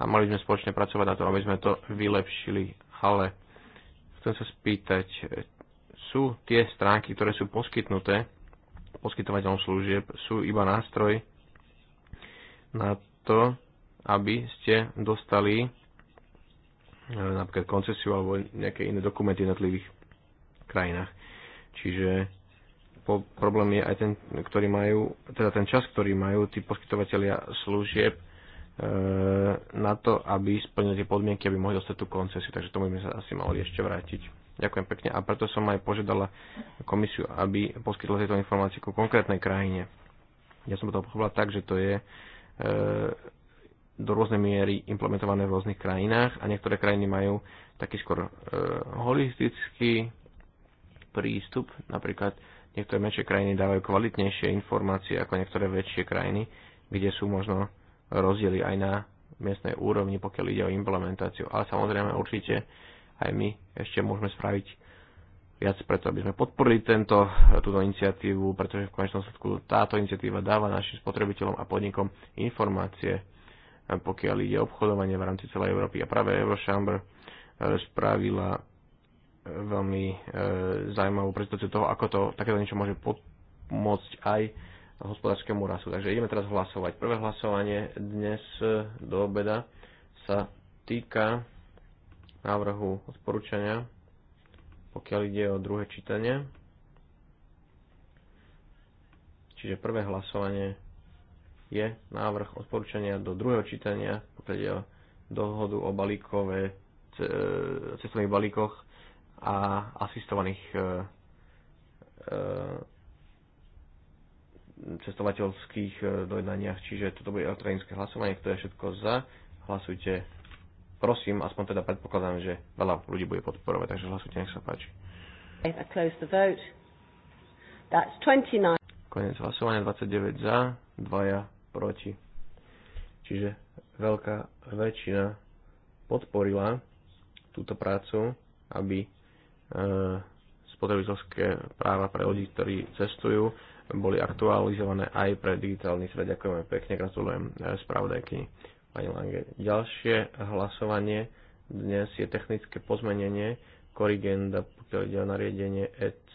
a mali sme spoločne pracovať na to, aby sme to vylepšili. Ale chcem sa spýtať, sú tie stránky, ktoré sú poskytnuté poskytovateľom služieb, sú iba nástroj na to, aby ste dostali e, napríklad koncesiu alebo nejaké iné dokumenty v jednotlivých krajinách. Čiže po, problém je aj ten, ktorý majú, teda ten čas, ktorý majú tí poskytovateľia služieb e, na to, aby splnili tie podmienky, aby mohli dostať tú koncesiu. Takže tomu by sme sa asi mali ešte vrátiť. Ďakujem pekne. A preto som aj požiadala komisiu, aby poskytla tieto informácie ku konkrétnej krajine. Ja som to pochopila tak, že to je e, do rôznej miery implementované v rôznych krajinách a niektoré krajiny majú taký skôr e, holistický prístup. Napríklad niektoré menšie krajiny dávajú kvalitnejšie informácie ako niektoré väčšie krajiny, kde sú možno rozdiely aj na miestnej úrovni, pokiaľ ide o implementáciu. Ale samozrejme určite aj my ešte môžeme spraviť viac preto, aby sme podporili tento, túto iniciatívu, pretože v konečnom sledku táto iniciatíva dáva našim spotrebiteľom a podnikom informácie pokiaľ ide obchodovanie v rámci celej Európy. A práve Eurochamber e, spravila e, veľmi e, zaujímavú prezentáciu toho, ako to takéto niečo môže pomôcť aj hospodárskému rastu. Takže ideme teraz hlasovať. Prvé hlasovanie dnes do obeda sa týka návrhu odporúčania, pokiaľ ide o druhé čítanie. Čiže prvé hlasovanie je návrh odporúčania do druhého čítania, pokiaľ dohodu o balíkové, e, cestovných balíkoch a asistovaných e, e, cestovateľských dojednaniach, čiže toto bude elektronické hlasovanie, ktoré je všetko za. Hlasujte, prosím, aspoň teda predpokladám, že veľa ľudí bude podporovať, takže hlasujte, nech sa páči. Konec hlasovania, 29 za, dvaja proti. Čiže veľká väčšina podporila túto prácu, aby e, spotrebiteľské práva pre ľudí, ktorí cestujú, boli aktualizované aj pre digitálny svet. Ďakujem pekne, gratulujem e, spravodajky pani Lange. Ďalšie hlasovanie dnes je technické pozmenenie korigenda, pokiaľ ide o nariadenie EC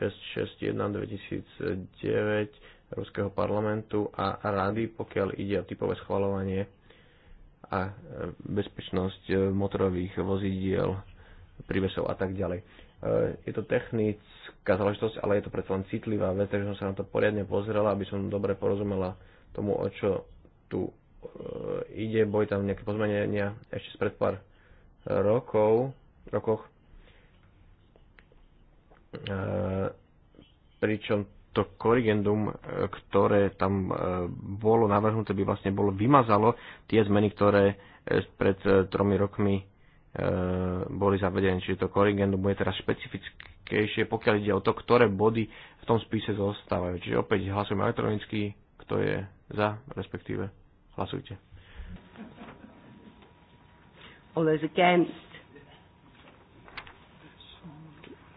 661 2009 Európskeho parlamentu a rady, pokiaľ ide o typové schvalovanie a e, bezpečnosť e, motorových vozidiel, prívesov a tak ďalej. E, je to technická záležitosť, ale je to predsa len citlivá vec, takže som sa na to poriadne pozrela, aby som dobre porozumela tomu, o čo tu ide. Boli tam nejaké pozmenenia ešte spred pár rokov, rokoch, pričom to korrigendum, e, ktoré tam e, bolo navrhnuté, by vlastne bolo vymazalo tie zmeny, ktoré e, pred tromi rokmi boli zavedené. Čiže to korrigendum bude teraz špecifickejšie, pokiaľ ide o to, ktoré body v tom spise zostávajú. Čiže opäť hlasujeme elektronicky, kto je za, respektíve hlasujte. All against.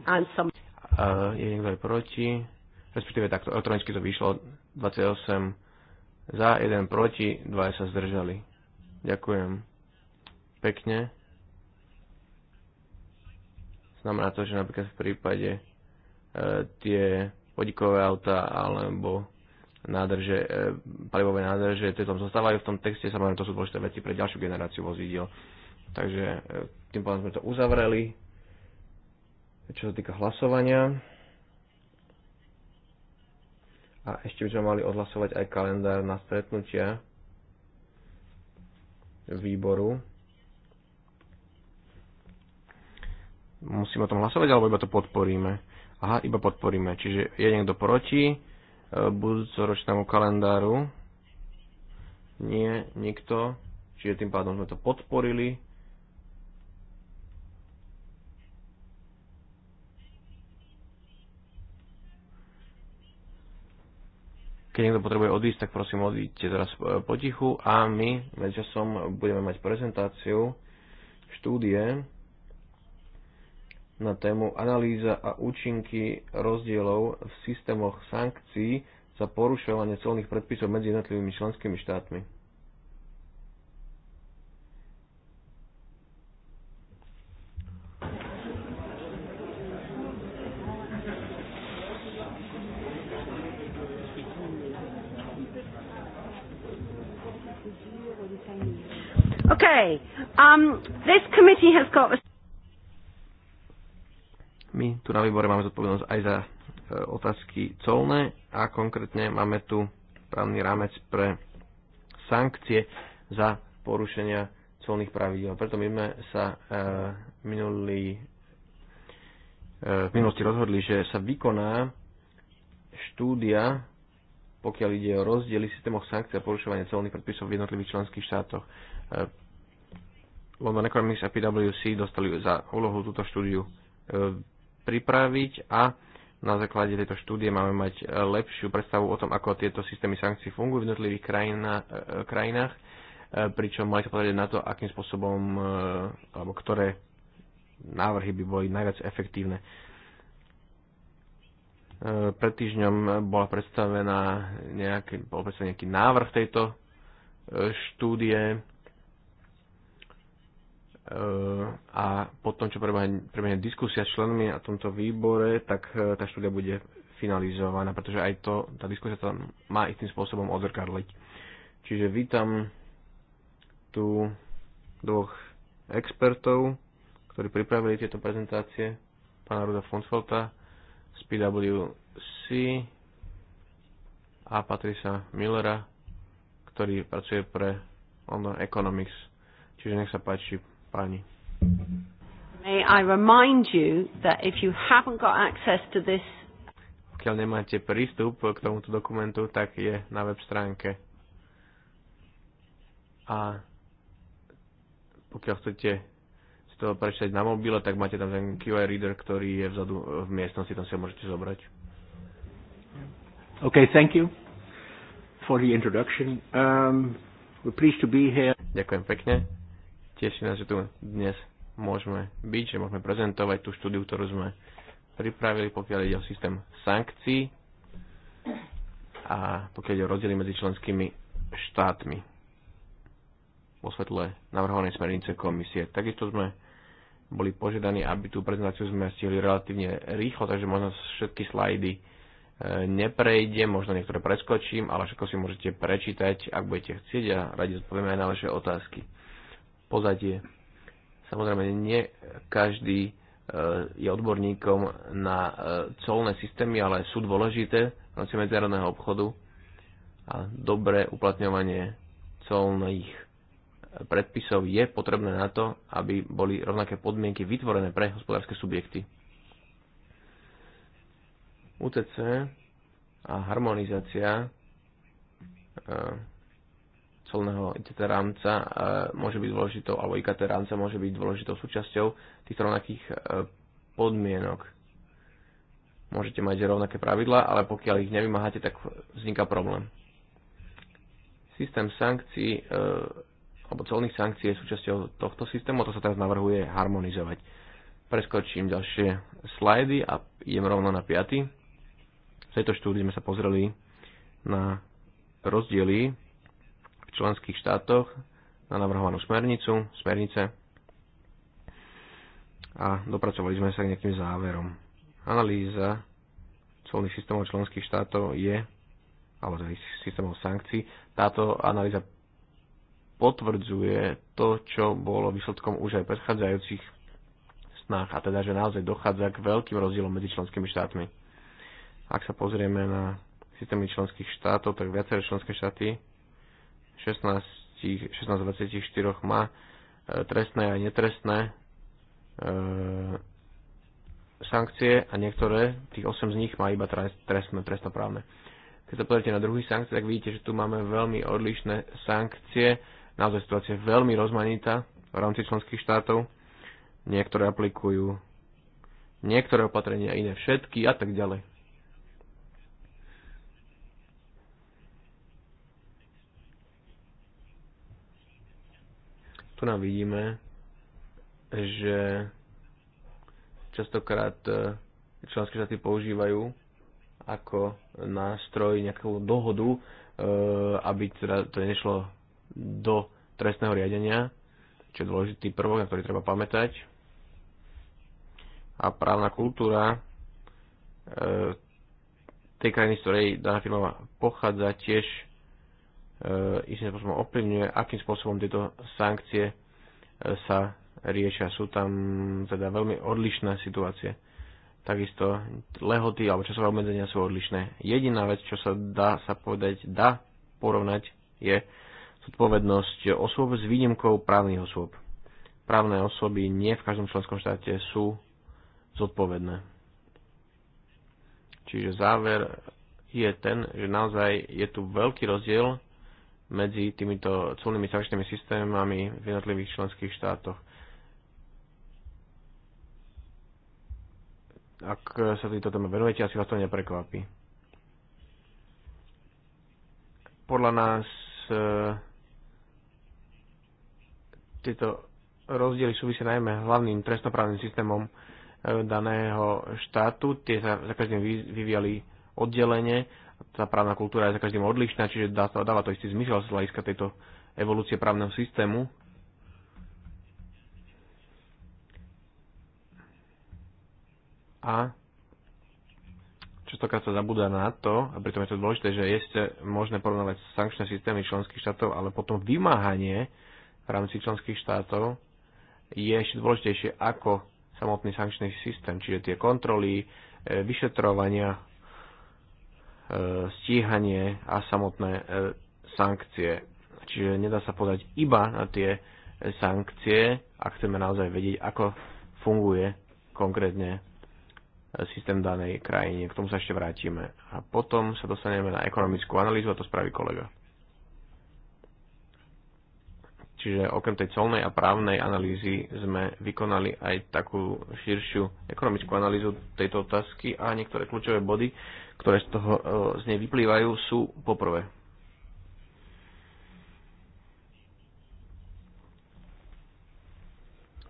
And some... Uh, je niekto aj proti respektíve takto elektronicky to vyšlo 28 za, 1 proti, 2 sa zdržali. Ďakujem pekne. Znamená to, že napríklad v prípade e, tie podikové auta alebo nádrže, e, palivové nádrže, tie tam zostávajú v tom texte, samozrejme to sú dôležité veci pre ďalšiu generáciu vozidiel. Takže e, tým pádom sme to uzavreli. Čo sa týka hlasovania, a ešte by sme mali odhlasovať aj kalendár na stretnutia výboru. Musíme o tom hlasovať, alebo iba to podporíme? Aha, iba podporíme. Čiže je niekto proti e, budúcoročnému kalendáru? Nie, nikto. Čiže tým pádom sme to podporili. Keď niekto potrebuje odísť, tak prosím odíďte teraz e, potichu a my medzičasom budeme mať prezentáciu štúdie na tému analýza a účinky rozdielov v systémoch sankcií za porušovanie colných predpisov medzi jednotlivými členskými štátmi. Okay. Um, this committee has got... My tu na výbore máme zodpovednosť aj za e, otázky colné a konkrétne máme tu právny rámec pre sankcie za porušenia colných pravidel. Preto my sme sa e, minulý, e, v minulosti rozhodli, že sa vykoná štúdia, pokiaľ ide o rozdiely systémoch sankcií a porušovania colných predpisov v jednotlivých členských štátoch. E, London Economics a PwC dostali za úlohu túto štúdiu e, pripraviť a na základe tejto štúdie máme mať e, lepšiu predstavu o tom, ako tieto systémy sankcií fungujú v jednotlivých e, krajinách, pričom mali sa pozrieť na to, akým spôsobom alebo ktoré návrhy by boli najviac efektívne. Pred týždňom bola predstavená nejaký, bol predstavený nejaký návrh tejto štúdie Eh, a po tom, čo prebehne, diskusia s členmi na tomto výbore, tak eh, tá štúdia bude finalizovaná, pretože aj to, tá diskusia tam má istým spôsobom odzrkadliť. Čiže vítam tu dvoch expertov, ktorí pripravili tieto prezentácie, pána Ruda Fonsfelta z PwC a Patrisa Millera, ktorý pracuje pre London Economics. Čiže nech sa páči, páni. May I remind you that if you haven't got access to this pokiaľ nemáte prístup k tomuto dokumentu, tak je na web stránke. A pokiaľ chcete si to prečítať na mobile, tak máte tam ten QR reader, ktorý je vzadu v miestnosti, tam si ho môžete zobrať. Okay, thank you for the introduction. Um, we're pleased to be here. Ďakujem pekne Teší nás, že tu dnes môžeme byť, že môžeme prezentovať tú štúdiu, ktorú sme pripravili, pokiaľ ide o systém sankcií a pokiaľ ide o rozdiely medzi členskými štátmi vo svetle navrhovanej smernice komisie. Takisto sme boli požiadaní, aby tú prezentáciu sme stihli relatívne rýchlo, takže možno všetky slajdy e, neprejde, možno niektoré preskočím, ale všetko si môžete prečítať, ak budete chcieť a radi zodpovieme aj na vaše otázky pozadie. Samozrejme, nie každý e, je odborníkom na e, colné systémy, ale sú dôležité v rámci medzinárodného obchodu a dobré uplatňovanie colných predpisov je potrebné na to, aby boli rovnaké podmienky vytvorené pre hospodárske subjekty. UTC a harmonizácia e, colného ICT rámca e, môže byť dôležitou, alebo IKT rámca môže byť dôležitou súčasťou týchto rovnakých e, podmienok. Môžete mať rovnaké pravidlá, ale pokiaľ ich nevymáhate, tak vzniká problém. Systém sankcií e, alebo colných sankcií je súčasťou tohto systému, to sa teraz navrhuje harmonizovať. Preskočím ďalšie slajdy a idem rovno na 5. V tejto štúdii sme sa pozreli na rozdiely v členských štátoch na navrhovanú smernicu, smernice a dopracovali sme sa k nejakým záverom. Analýza colných systémov členských štátov je, alebo teda systémov sankcií, táto analýza potvrdzuje to, čo bolo výsledkom už aj predchádzajúcich snách, a teda, že naozaj dochádza k veľkým rozdielom medzi členskými štátmi. Ak sa pozrieme na systémy členských štátov, tak viaceré členské štáty 16, 24 má e, trestné a netrestné e, sankcie a niektoré, tých 8 z nich má iba trestné, trestnoprávne. Keď sa pozrite na druhý sankcie, tak vidíte, že tu máme veľmi odlišné sankcie. Naozaj situácia je veľmi rozmanitá v rámci členských štátov. Niektoré aplikujú niektoré opatrenia, iné všetky a tak ďalej. Tu nám vidíme, že častokrát e, členské štáty používajú ako nástroj nejakú dohodu, e, aby teda to nešlo do trestného riadenia, čo je dôležitý prvok, na ktorý treba pamätať. A právna kultúra e, tej krajiny, z ktorej daná firma pochádza, tiež E, istým spôsobom ovplyvňuje, akým spôsobom tieto sankcie e, sa riešia. Sú tam teda veľmi odlišné situácie. Takisto lehoty alebo časové obmedzenia sú odlišné. Jediná vec, čo sa dá sa povedať, dá porovnať, je zodpovednosť osôb s výnimkou právnych osôb. Právne osoby nie v každom členskom štáte sú zodpovedné. Čiže záver je ten, že naozaj je tu veľký rozdiel medzi týmito colnými sankčnými systémami v jednotlivých členských štátoch. Ak sa týto téma venujete, asi vás to neprekvapí. Podľa nás e, tieto rozdiely súvisia najmä hlavným trestnoprávnym systémom e, daného štátu. Tie sa za každým vyvíjali oddelenie tá právna kultúra je za každým odlišná, čiže dá, sa dáva to istý zmysel z hľadiska tejto evolúcie právneho systému. A častokrát sa zabúda na to, a pritom je to dôležité, že je možné porovnávať sankčné systémy členských štátov, ale potom vymáhanie v rámci členských štátov je ešte dôležitejšie ako samotný sankčný systém, čiže tie kontroly, e, vyšetrovania E, stíhanie a samotné e, sankcie. Čiže nedá sa podať iba na tie sankcie, ak chceme naozaj vedieť, ako funguje konkrétne e, systém danej krajine. K tomu sa ešte vrátime. A potom sa dostaneme na ekonomickú analýzu a to spraví kolega. Čiže okrem tej colnej a právnej analýzy sme vykonali aj takú širšiu ekonomickú analýzu tejto otázky a niektoré kľúčové body ktoré z, toho, e, z nej vyplývajú, sú poprvé.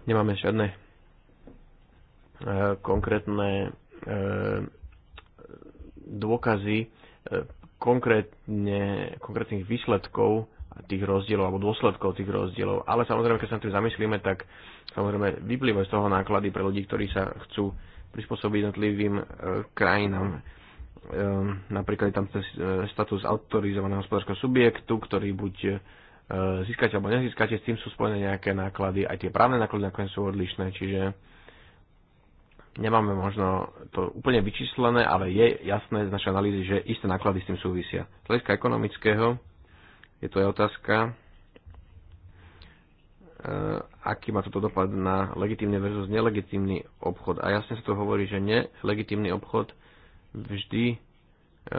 Nemáme žiadne e, konkrétne e, dôkazy konkrétne, konkrétnych výsledkov tých rozdielov alebo dôsledkov tých rozdielov. Ale samozrejme, keď sa na tým zamyslíme, tak samozrejme vyplývajú z toho náklady pre ľudí, ktorí sa chcú prispôsobiť jednotlivým krajinám. Ehm, napríklad je tam ten e, status autorizovaného hospodárskeho subjektu, ktorý buď e, získate alebo nezískate, s tým sú spojené nejaké náklady, aj tie právne náklady nakoniec sú odlišné, čiže nemáme možno to úplne vyčíslené, ale je jasné z našej analýzy, že isté náklady s tým súvisia. Z hľadiska ekonomického je to aj otázka, e, aký má toto dopad na legitímny versus nelegitímny obchod. A jasne sa to hovorí, že nelegitímny obchod vždy e, e,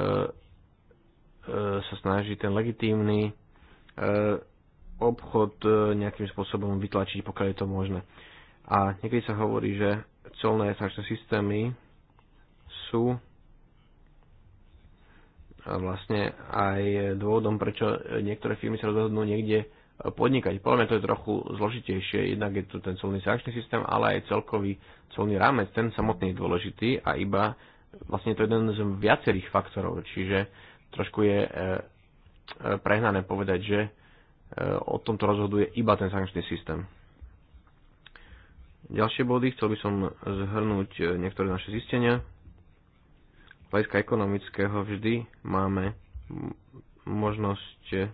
sa snaží ten legitímny e, obchod e, nejakým spôsobom vytlačiť, pokiaľ je to možné. A niekedy sa hovorí, že colné sankčné systémy sú vlastne aj dôvodom, prečo niektoré firmy sa rozhodnú niekde podnikať. Podľa mňa to je trochu zložitejšie, jednak je tu ten colný sankčný systém, ale aj celkový colný rámec, ten samotný je dôležitý a iba vlastne je to jeden z viacerých faktorov, čiže trošku je e, e, prehnané povedať, že e, o tomto rozhoduje iba ten sankčný systém. Ďalšie body, chcel by som zhrnúť niektoré naše zistenia. Z hľadiska ekonomického vždy máme možnosť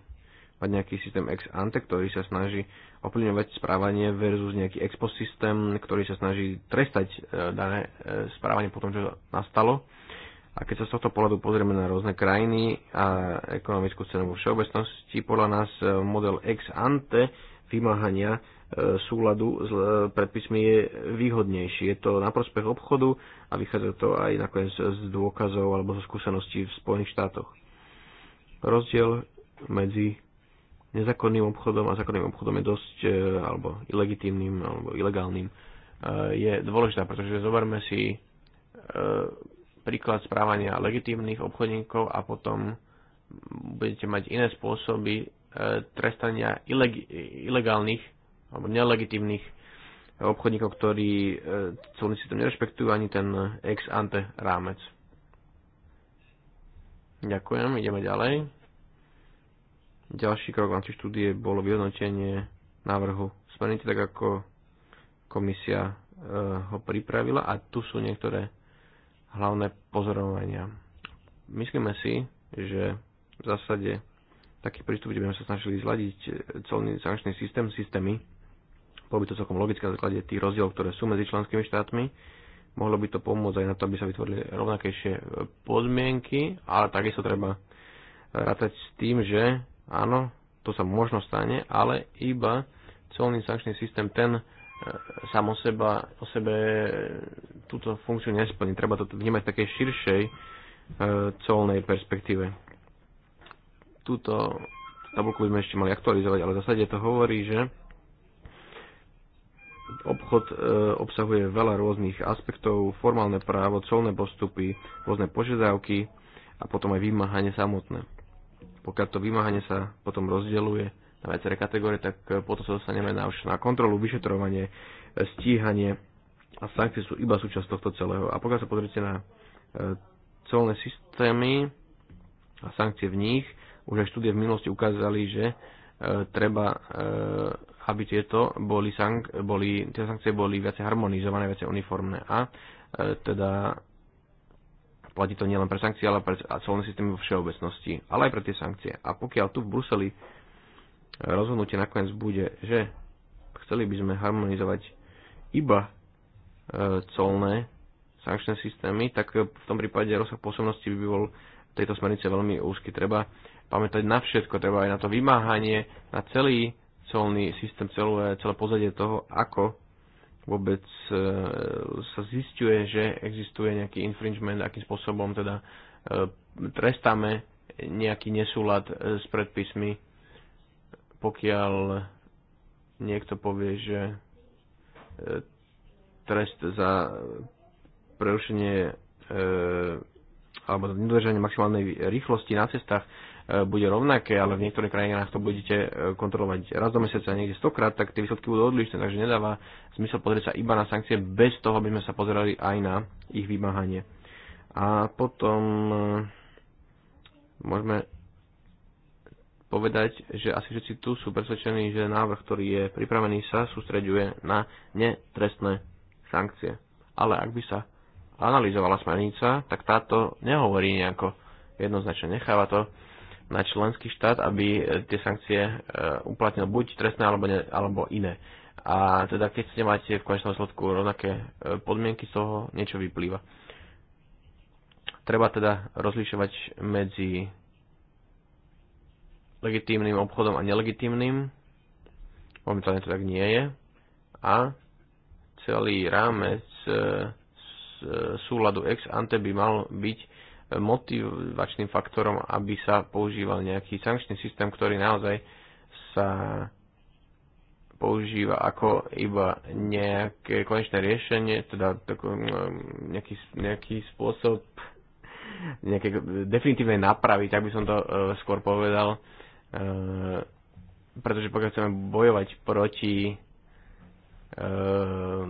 mať nejaký systém ex ante, ktorý sa snaží ovplyvňovať správanie versus nejaký expo systém, ktorý sa snaží trestať e, dané e, správanie po tom, čo nastalo. A keď sa z tohto pohľadu pozrieme na rôzne krajiny a ekonomickú cenu vo všeobecnosti, podľa nás e, model ex ante vymáhania súladu s predpismi je výhodnejší. Je to na prospech obchodu a vychádza to aj nakoniec z dôkazov alebo zo skúseností v Spojených štátoch. Rozdiel medzi nezákonným obchodom a zákonným obchodom je dosť, e, alebo ilegitímnym, alebo ilegálnym, e, je dôležitá, pretože zoberme si e, príklad správania legitímnych obchodníkov a potom budete mať iné spôsoby trestania ileg- ilegálnych alebo nelegitímnych obchodníkov, ktorí colný systém nerešpektujú ani ten ex ante rámec. Ďakujem, ideme ďalej. Ďalší krok v rámci štúdie bolo vyhodnotenie návrhu smernice, tak ako komisia e, ho pripravila a tu sú niektoré hlavné pozorovania. Myslíme si, že v zásade taký prístup, kde by sme sa snažili zladiť e, celný sankčný systém, systémy, bolo by to celkom logické na základe tých rozdielov, ktoré sú medzi členskými štátmi, mohlo by to pomôcť aj na to, aby sa vytvorili rovnakejšie e, podmienky, ale takisto treba rátať s tým, že Áno, to sa možno stane, ale iba celný sankčný systém ten e, sám o, seba, o sebe e, túto funkciu nesplní. Treba to vnímať v takej širšej e, colnej perspektíve. Túto tabulku by sme ešte mali aktualizovať, ale v zásade to hovorí, že obchod e, obsahuje veľa rôznych aspektov, formálne právo, colné postupy, rôzne požiadavky a potom aj vymáhanie samotné pokiaľ to vymáhanie sa potom rozdeluje na viaceré kategórie, tak eh, potom sa dostaneme na, už na kontrolu, vyšetrovanie, eh, stíhanie a sankcie sú iba súčasť tohto celého. A pokiaľ sa pozrite na eh, celné systémy a sankcie v nich, už aj štúdie v minulosti ukázali, že treba, aby tieto boli, sank- boli tie sankcie boli viacej harmonizované, viacej uniformné. A teda platí to nielen pre sankcie, ale pre celný systém vo všeobecnosti, ale aj pre tie sankcie. A pokiaľ tu v Bruseli rozhodnutie nakoniec bude, že chceli by sme harmonizovať iba e, colné sankčné systémy, tak v tom prípade rozsah pôsobnosti by bol tejto smernice veľmi úzky. Treba pamätať na všetko, treba aj na to vymáhanie, na celý colný systém, celé, celé pozadie toho, ako vôbec e, sa zistuje, že existuje nejaký infringement, akým spôsobom teda e, trestáme nejaký nesúlad e, s predpismi, pokiaľ niekto povie, že trest za prerušenie alebo nedodržanie maximálnej rýchlosti na cestách E, bude rovnaké, ale v niektorých krajinách to budete e, kontrolovať raz do mesiaca, niekde stokrát, tak tie výsledky budú odlišné, takže nedáva zmysel pozrieť sa iba na sankcie bez toho, aby sme sa pozerali aj na ich vymáhanie. A potom e, môžeme povedať, že asi všetci tu sú presvedčení, že návrh, ktorý je pripravený, sa sústreďuje na netrestné sankcie. Ale ak by sa analyzovala smernica, tak táto nehovorí nejako jednoznačne. Necháva to na členský štát, aby e, tie sankcie e, uplatnil buď trestné alebo, ne, alebo iné. A teda keď ste máte v konečnom sledku rovnaké e, podmienky, z toho niečo vyplýva. Treba teda rozlišovať medzi legitímnym obchodom a nelegitímnym. Momentálne to tak nie je. A celý rámec súladu ex ante by mal byť motivačným faktorom, aby sa používal nejaký sankčný systém, ktorý naozaj sa používa ako iba nejaké konečné riešenie, teda um, nejaký, nejaký spôsob nejaké definitívne napravy, tak by som to uh, skôr povedal, uh, pretože pokiaľ chceme bojovať proti uh,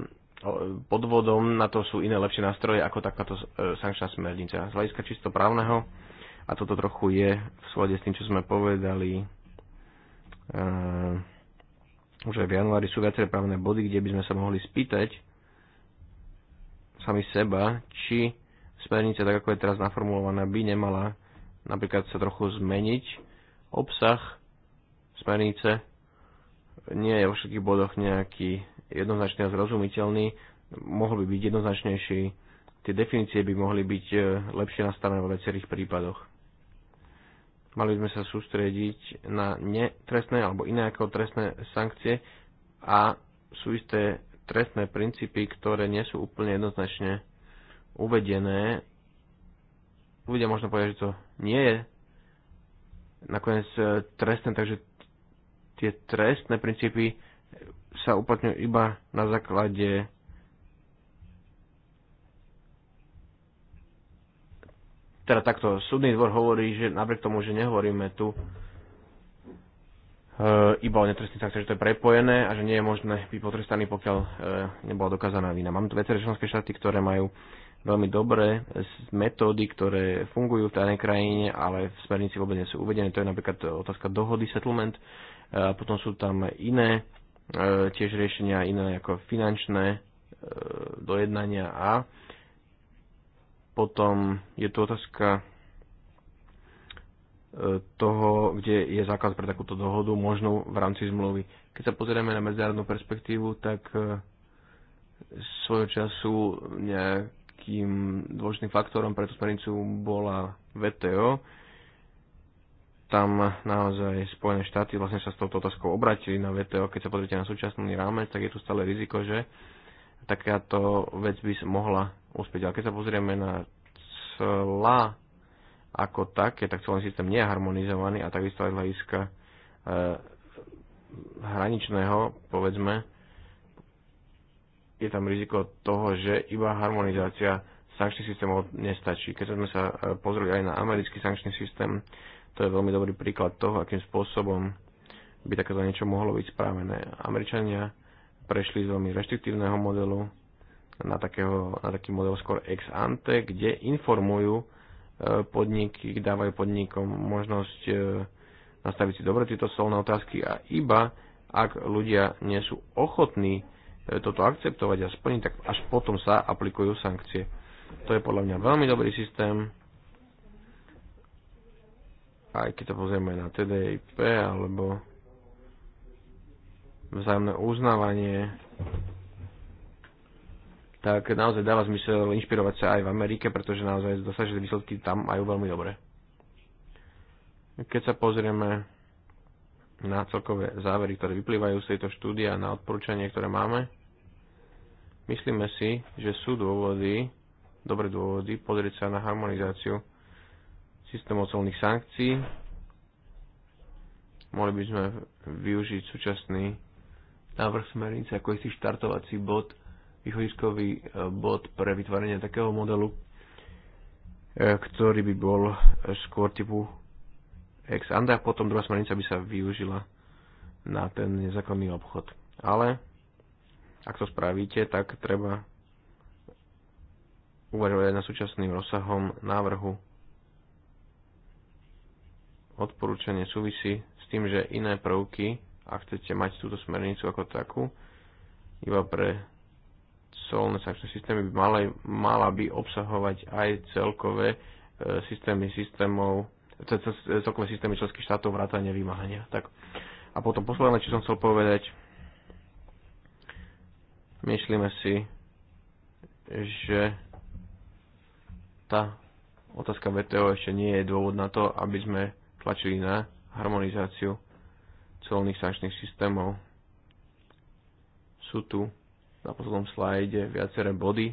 podvodom, na to sú iné lepšie nástroje ako takáto e, sankčná smernica. Z hľadiska čisto právneho, a toto trochu je v súlade s tým, čo sme povedali, uh, už aj v januári sú viaceré právne body, kde by sme sa mohli spýtať sami seba, či smernica, tak ako je teraz naformulovaná, by nemala napríklad sa trochu zmeniť. Obsah smernice nie je vo všetkých bodoch nejaký jednoznačný a zrozumiteľný, mohol by byť jednoznačnejší, tie definície by mohli byť e, lepšie nastavené vo viacerých prípadoch. Mali by sme sa sústrediť na netrestné alebo iné ako trestné sankcie a sú isté trestné princípy, ktoré nie sú úplne jednoznačne uvedené. Ľudia možno povedať, že to nie je nakoniec e, trestné, takže tie trestné princípy sa uplatňujú iba na základe teda takto, súdny dvor hovorí, že napriek tomu, že nehovoríme tu e, iba o netrestných sankciách, že to je prepojené a že nie je možné byť potrestaný, pokiaľ e, nebola dokázaná vina. Mám tu viaceré členské štáty, ktoré majú veľmi dobré metódy, ktoré fungujú v danej krajine, ale v smernici vôbec nie sú uvedené. To je napríklad otázka dohody settlement. E, potom sú tam iné E, tiež riešenia iné ako finančné e, dojednania a potom je tu otázka e, toho, kde je základ pre takúto dohodu možno v rámci zmluvy. Keď sa pozrieme na medzinárodnú perspektívu, tak svojho času nejakým dôležitým faktorom pre tú smernicu bola VTO, tam naozaj Spojené štáty vlastne sa s touto otázkou obratili na VTO. Keď sa pozrite na súčasný rámec, tak je tu stále riziko, že takáto vec by mohla uspieť. Ale keď sa pozrieme na cla ako také, tak celý systém nie je harmonizovaný a takisto aj z hľadiska e, hraničného, povedzme, je tam riziko toho, že iba harmonizácia sankčných systémov nestačí. Keď sme sa e, pozreli aj na americký sankčný systém, to je veľmi dobrý príklad toho, akým spôsobom by takéto niečo mohlo byť správené. Američania prešli z veľmi reštriktívneho modelu na, takého, na taký model skôr ex ante, kde informujú e, podniky, dávajú podnikom možnosť e, nastaviť si dobre tieto solné otázky a iba ak ľudia nie sú ochotní e, toto akceptovať a splniť, tak až potom sa aplikujú sankcie. To je podľa mňa veľmi dobrý systém, aj keď to pozrieme na TDIP alebo vzájomné uznávanie, tak naozaj dáva zmysel inšpirovať sa aj v Amerike, pretože naozaj dosažené výsledky tam majú veľmi dobré. Keď sa pozrieme na celkové závery, ktoré vyplývajú z tejto štúdie a na odporúčanie, ktoré máme, myslíme si, že sú dôvody, dobré dôvody, pozrieť sa na harmonizáciu systém ocelných sankcií. Mohli by sme využiť súčasný návrh smernice ako istý štartovací bod, východiskový e, bod pre vytvárenie takého modelu, e, ktorý by bol skôr typu ex ante a potom druhá smernica by sa využila na ten nezákonný obchod. Ale ak to spravíte, tak treba uvažovať na súčasným rozsahom návrhu odporúčanie súvisí s tým, že iné prvky, ak chcete mať túto smernicu ako takú, iba pre solné sankčné systémy by mala, mala by obsahovať aj celkové e, systémy systémov, e, e, celkové systémy členských štátov vrátania vymáhania. Tak. A potom posledné, čo som chcel povedať, myslíme si, že tá otázka VTO ešte nie je dôvod na to, aby sme tlačili na harmonizáciu celných sankčných systémov. Sú tu na poslednom slajde viaceré body,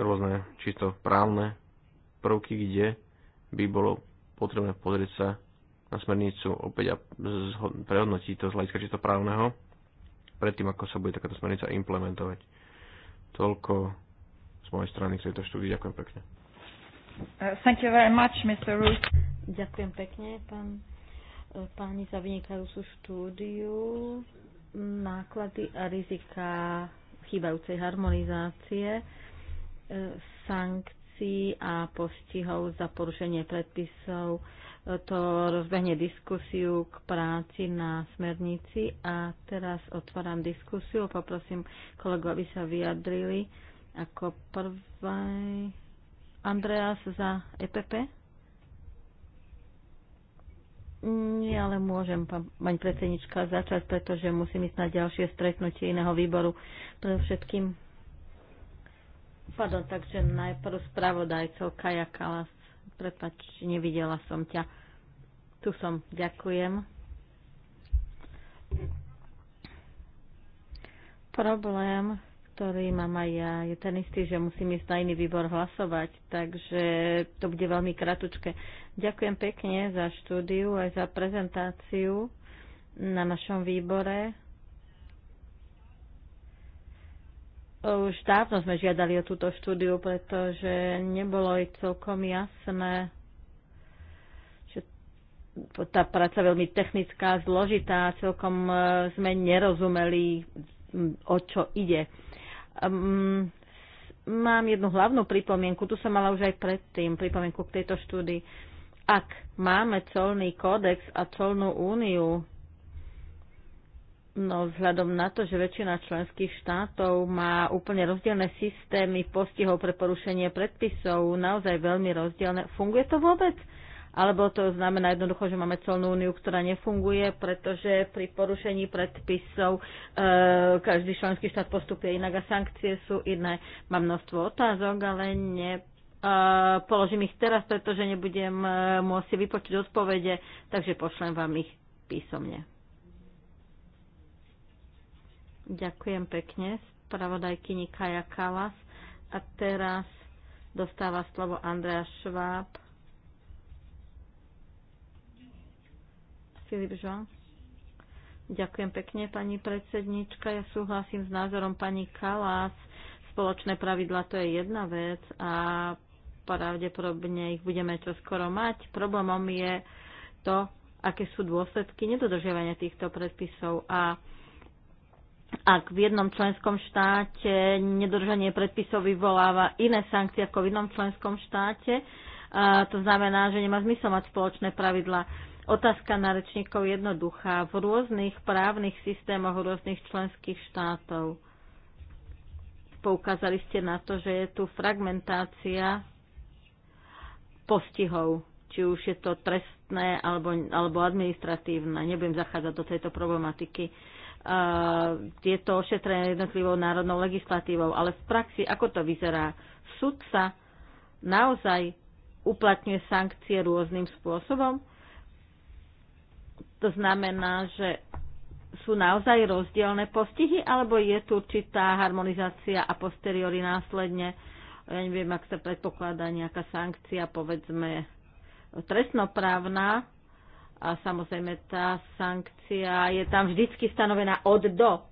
rôzne čisto právne prvky, kde by bolo potrebné pozrieť sa na smernicu opäť a prehodnotiť to z hľadiska čisto právneho predtým, ako sa bude takáto smernica implementovať. Toľko z mojej strany k tejto štúdii. Ďakujem pekne. Uh, thank you very much, Mr. Ďakujem pekne, pán, eh, páni, za vynikajúcu štúdiu náklady a rizika chýbajúcej harmonizácie, eh, sankcií a postihov za porušenie predpisov. Eh, to rozbehne diskusiu k práci na smernici a teraz otváram diskusiu. Poprosím kolegu, aby sa vyjadrili ako prvé. Andreas za EPP. Nie, ale môžem, pani predsednička, začať, pretože musím ísť na ďalšie stretnutie iného výboru. Pre všetkým. Pardon, takže najprv spravodajcov Kaja Kalas. Prepač, nevidela som ťa. Tu som, ďakujem. Problém ktorý mám aj ja, je ten istý, že musím ísť na iný výbor hlasovať, takže to bude veľmi kratučké. Ďakujem pekne za štúdiu aj za prezentáciu na našom výbore. Už dávno sme žiadali o túto štúdiu, pretože nebolo aj celkom jasné, že tá práca veľmi technická, zložitá, celkom eh, sme nerozumeli, o čo ide Um, mám jednu hlavnú pripomienku, tu som mala už aj predtým pripomienku k tejto štúdii. Ak máme colný kódex a colnú úniu, no vzhľadom na to, že väčšina členských štátov má úplne rozdielne systémy postihov pre porušenie predpisov, naozaj veľmi rozdielne, funguje to vôbec? alebo to znamená jednoducho, že máme celnú úniu, ktorá nefunguje, pretože pri porušení predpisov e, každý členský štát postupuje inak a sankcie sú iné. Mám množstvo otázok, ale ne e, položím ich teraz, pretože nebudem e, môcť si vypočuť odpovede, takže pošlem vám ich písomne. Ďakujem pekne spravodajkyni Kaja Kalas a teraz dostáva slovo Andrea Šváb Filip Žon. Ďakujem pekne, pani predsednička. Ja súhlasím s názorom pani Kalas. Spoločné pravidla to je jedna vec a pravdepodobne ich budeme čo skoro mať. Problémom je to, aké sú dôsledky nedodržiavania týchto predpisov a ak v jednom členskom štáte nedodržanie predpisov vyvoláva iné sankcie ako v inom členskom štáte, to znamená, že nemá zmysel mať spoločné pravidla Otázka na rečníkov jednoduchá. V rôznych právnych systémoch rôznych členských štátov poukázali ste na to, že je tu fragmentácia postihov, či už je to trestné alebo, alebo administratívne. Nebudem zachádzať do tejto problematiky. Uh, je to ošetrené jednotlivou národnou legislatívou, ale v praxi ako to vyzerá? Sudca naozaj uplatňuje sankcie rôznym spôsobom? To znamená, že sú naozaj rozdielne postihy, alebo je tu určitá harmonizácia a posteriori následne, ja neviem, ak sa predpokladá nejaká sankcia, povedzme, trestnoprávna, a samozrejme tá sankcia je tam vždycky stanovená od do e,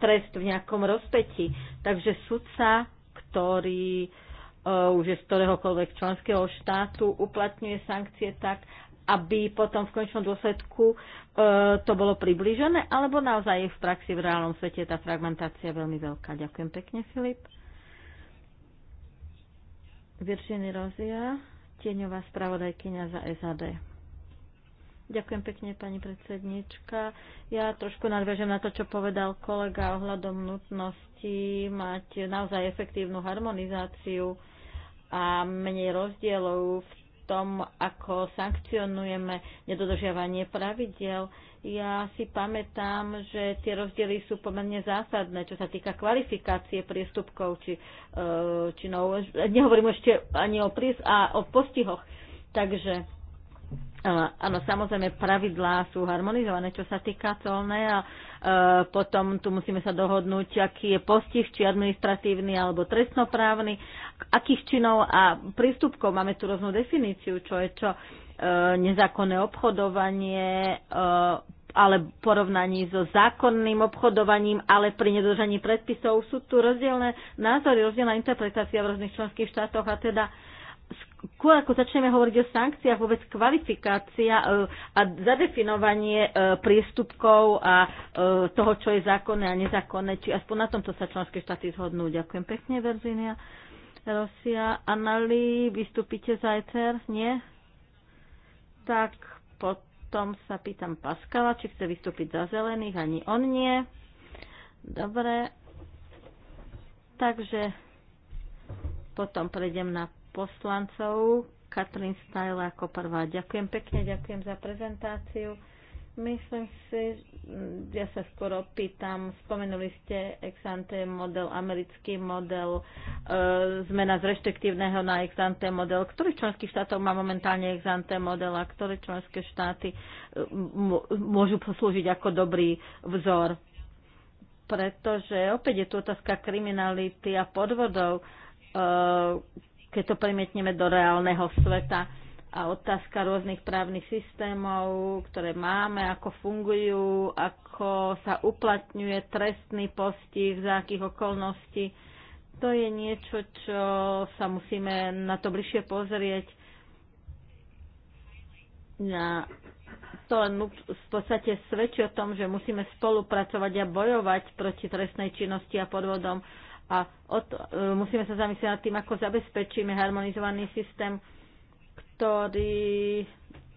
trest v nejakom rozpeti. Takže sudca, ktorý e, už je z ktoréhokoľvek členského štátu, uplatňuje sankcie tak, aby potom v končnom dôsledku e, to bolo približené, alebo naozaj je v praxi v reálnom svete tá fragmentácia veľmi veľká. Ďakujem pekne, Filip. Viršiny Rozia, tieňová spravodajkyňa za SAD. Ďakujem pekne, pani predsednička. Ja trošku nadviažem na to, čo povedal kolega ohľadom nutnosti mať naozaj efektívnu harmonizáciu a menej rozdielov v tom, ako sankcionujeme nedodržiavanie pravidiel. Ja si pamätám, že tie rozdiely sú pomerne zásadné, čo sa týka kvalifikácie priestupkov či no, Nehovorím ešte ani o prís a o postihoch. Takže e, áno, samozrejme, pravidlá sú harmonizované, čo sa týka colné a Eh, potom tu musíme sa dohodnúť, aký je postih, či administratívny alebo trestnoprávny, akých činov a prístupkov. Máme tu rôznu definíciu, čo je čo eh, nezákonné obchodovanie, eh, ale v porovnaní so zákonným obchodovaním, ale pri nedržaní predpisov sú tu rozdielne názory, rozdielna interpretácia v rôznych členských štátoch a teda skôr ako začneme hovoriť o sankciách, vôbec kvalifikácia e, a zadefinovanie e, priestupkov a e, toho, čo je zákonné a nezákonné, či aspoň na tomto sa členské štáty zhodnú. Ďakujem pekne, Verzinia. Rosia, Anali, vystúpite za ECR? Nie? Tak potom sa pýtam Paskala, či chce vystúpiť za zelených, ani on nie. Dobre. Takže potom prejdem na poslancov. Katrin Stajla ako prvá. Ďakujem pekne, ďakujem za prezentáciu. Myslím si, mm, ja sa skoro pýtam, spomenuli ste exante model, americký model, e, zmena z reštriktívneho na exante model. Ktorých členských štátov má momentálne exante model a ktoré členské štáty e, môžu poslúžiť ako dobrý vzor? Pretože opäť je tu otázka kriminality a podvodov. E, keď to premietneme do reálneho sveta. A otázka rôznych právnych systémov, ktoré máme, ako fungujú, ako sa uplatňuje trestný postih, za akých okolností. To je niečo, čo sa musíme na to bližšie pozrieť. Na to len v podstate svedčí o tom, že musíme spolupracovať a bojovať proti trestnej činnosti a podvodom a od, e, musíme sa zamyslieť nad tým, ako zabezpečíme harmonizovaný systém, ktorý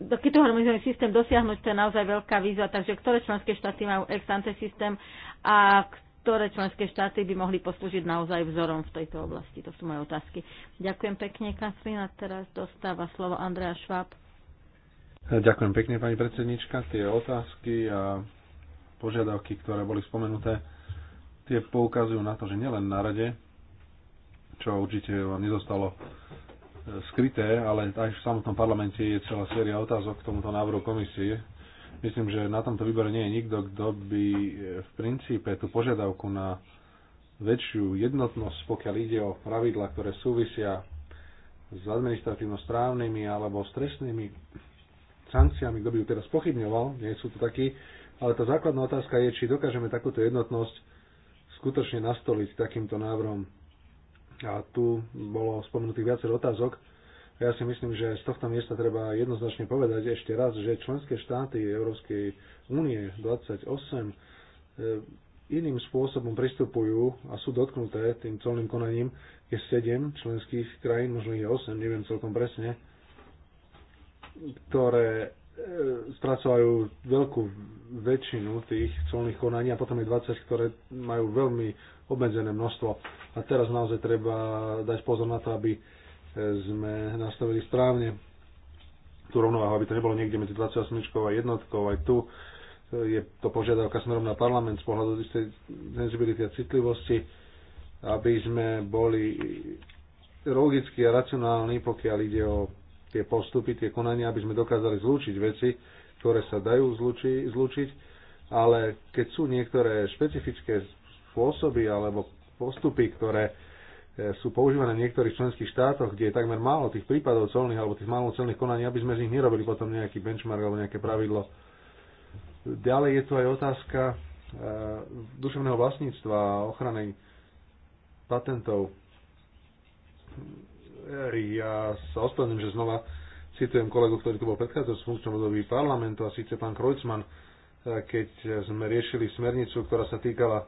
keď to harmonizovaný systém dosiahnuť, to je naozaj veľká výzva, takže ktoré členské štáty majú ex ante systém a ktoré členské štáty by mohli poslúžiť naozaj vzorom v tejto oblasti. To sú moje otázky. Ďakujem pekne, Katrina, a teraz dostáva slovo Andrea Šváb. Ďakujem pekne, pani predsednička. Tie otázky a požiadavky, ktoré boli spomenuté, Tie poukazujú na to, že nielen na rade, čo určite vám nezostalo e, skryté, ale aj v samotnom parlamente je celá séria otázok k tomuto návrhu komisie. Myslím, že na tomto výbore nie je nikto, kto by e, v princípe tú požiadavku na väčšiu jednotnosť, pokiaľ ide o pravidla, ktoré súvisia s administratívno-správnymi alebo s trestnými sankciami, kto by ju teraz pochybňoval, nie sú to takí, ale tá základná otázka je, či dokážeme takúto jednotnosť skutočne nastoliť takýmto návrhom. A tu bolo spomenutých viacero otázok. Ja si myslím, že z tohto miesta treba jednoznačne povedať ešte raz, že členské štáty Európskej únie 28 eh, iným spôsobom pristupujú a sú dotknuté tým colným konaním. Je 7 členských krajín, možno je 8, neviem celkom presne, ktoré E, spracovajú veľkú väčšinu tých colných konaní a potom je 20, ktoré majú veľmi obmedzené množstvo. A teraz naozaj treba dať pozor na to, aby e, sme nastavili správne tú rovnováhu, aby to nebolo niekde medzi 28 a jednotkou. Aj tu e, je to požiadavka smerom na parlament z pohľadu istej senzibility a citlivosti, aby sme boli logicky a racionálni, pokiaľ ide o tie postupy, tie konania, aby sme dokázali zlúčiť veci, ktoré sa dajú zlúči, zlúčiť, ale keď sú niektoré špecifické spôsoby alebo postupy, ktoré e, sú používané v niektorých členských štátoch, kde je takmer málo tých prípadov colných alebo tých málo celných konaní, aby sme z nich nerobili potom nejaký benchmark alebo nejaké pravidlo. Ďalej je tu aj otázka e, duševného vlastníctva a ochrany patentov ja sa ospravedlňujem, že znova citujem kolegu, ktorý tu bol predchádzajúci v funkčnom období parlamentu, a síce pán Krojcman, e, keď sme riešili smernicu, ktorá sa týkala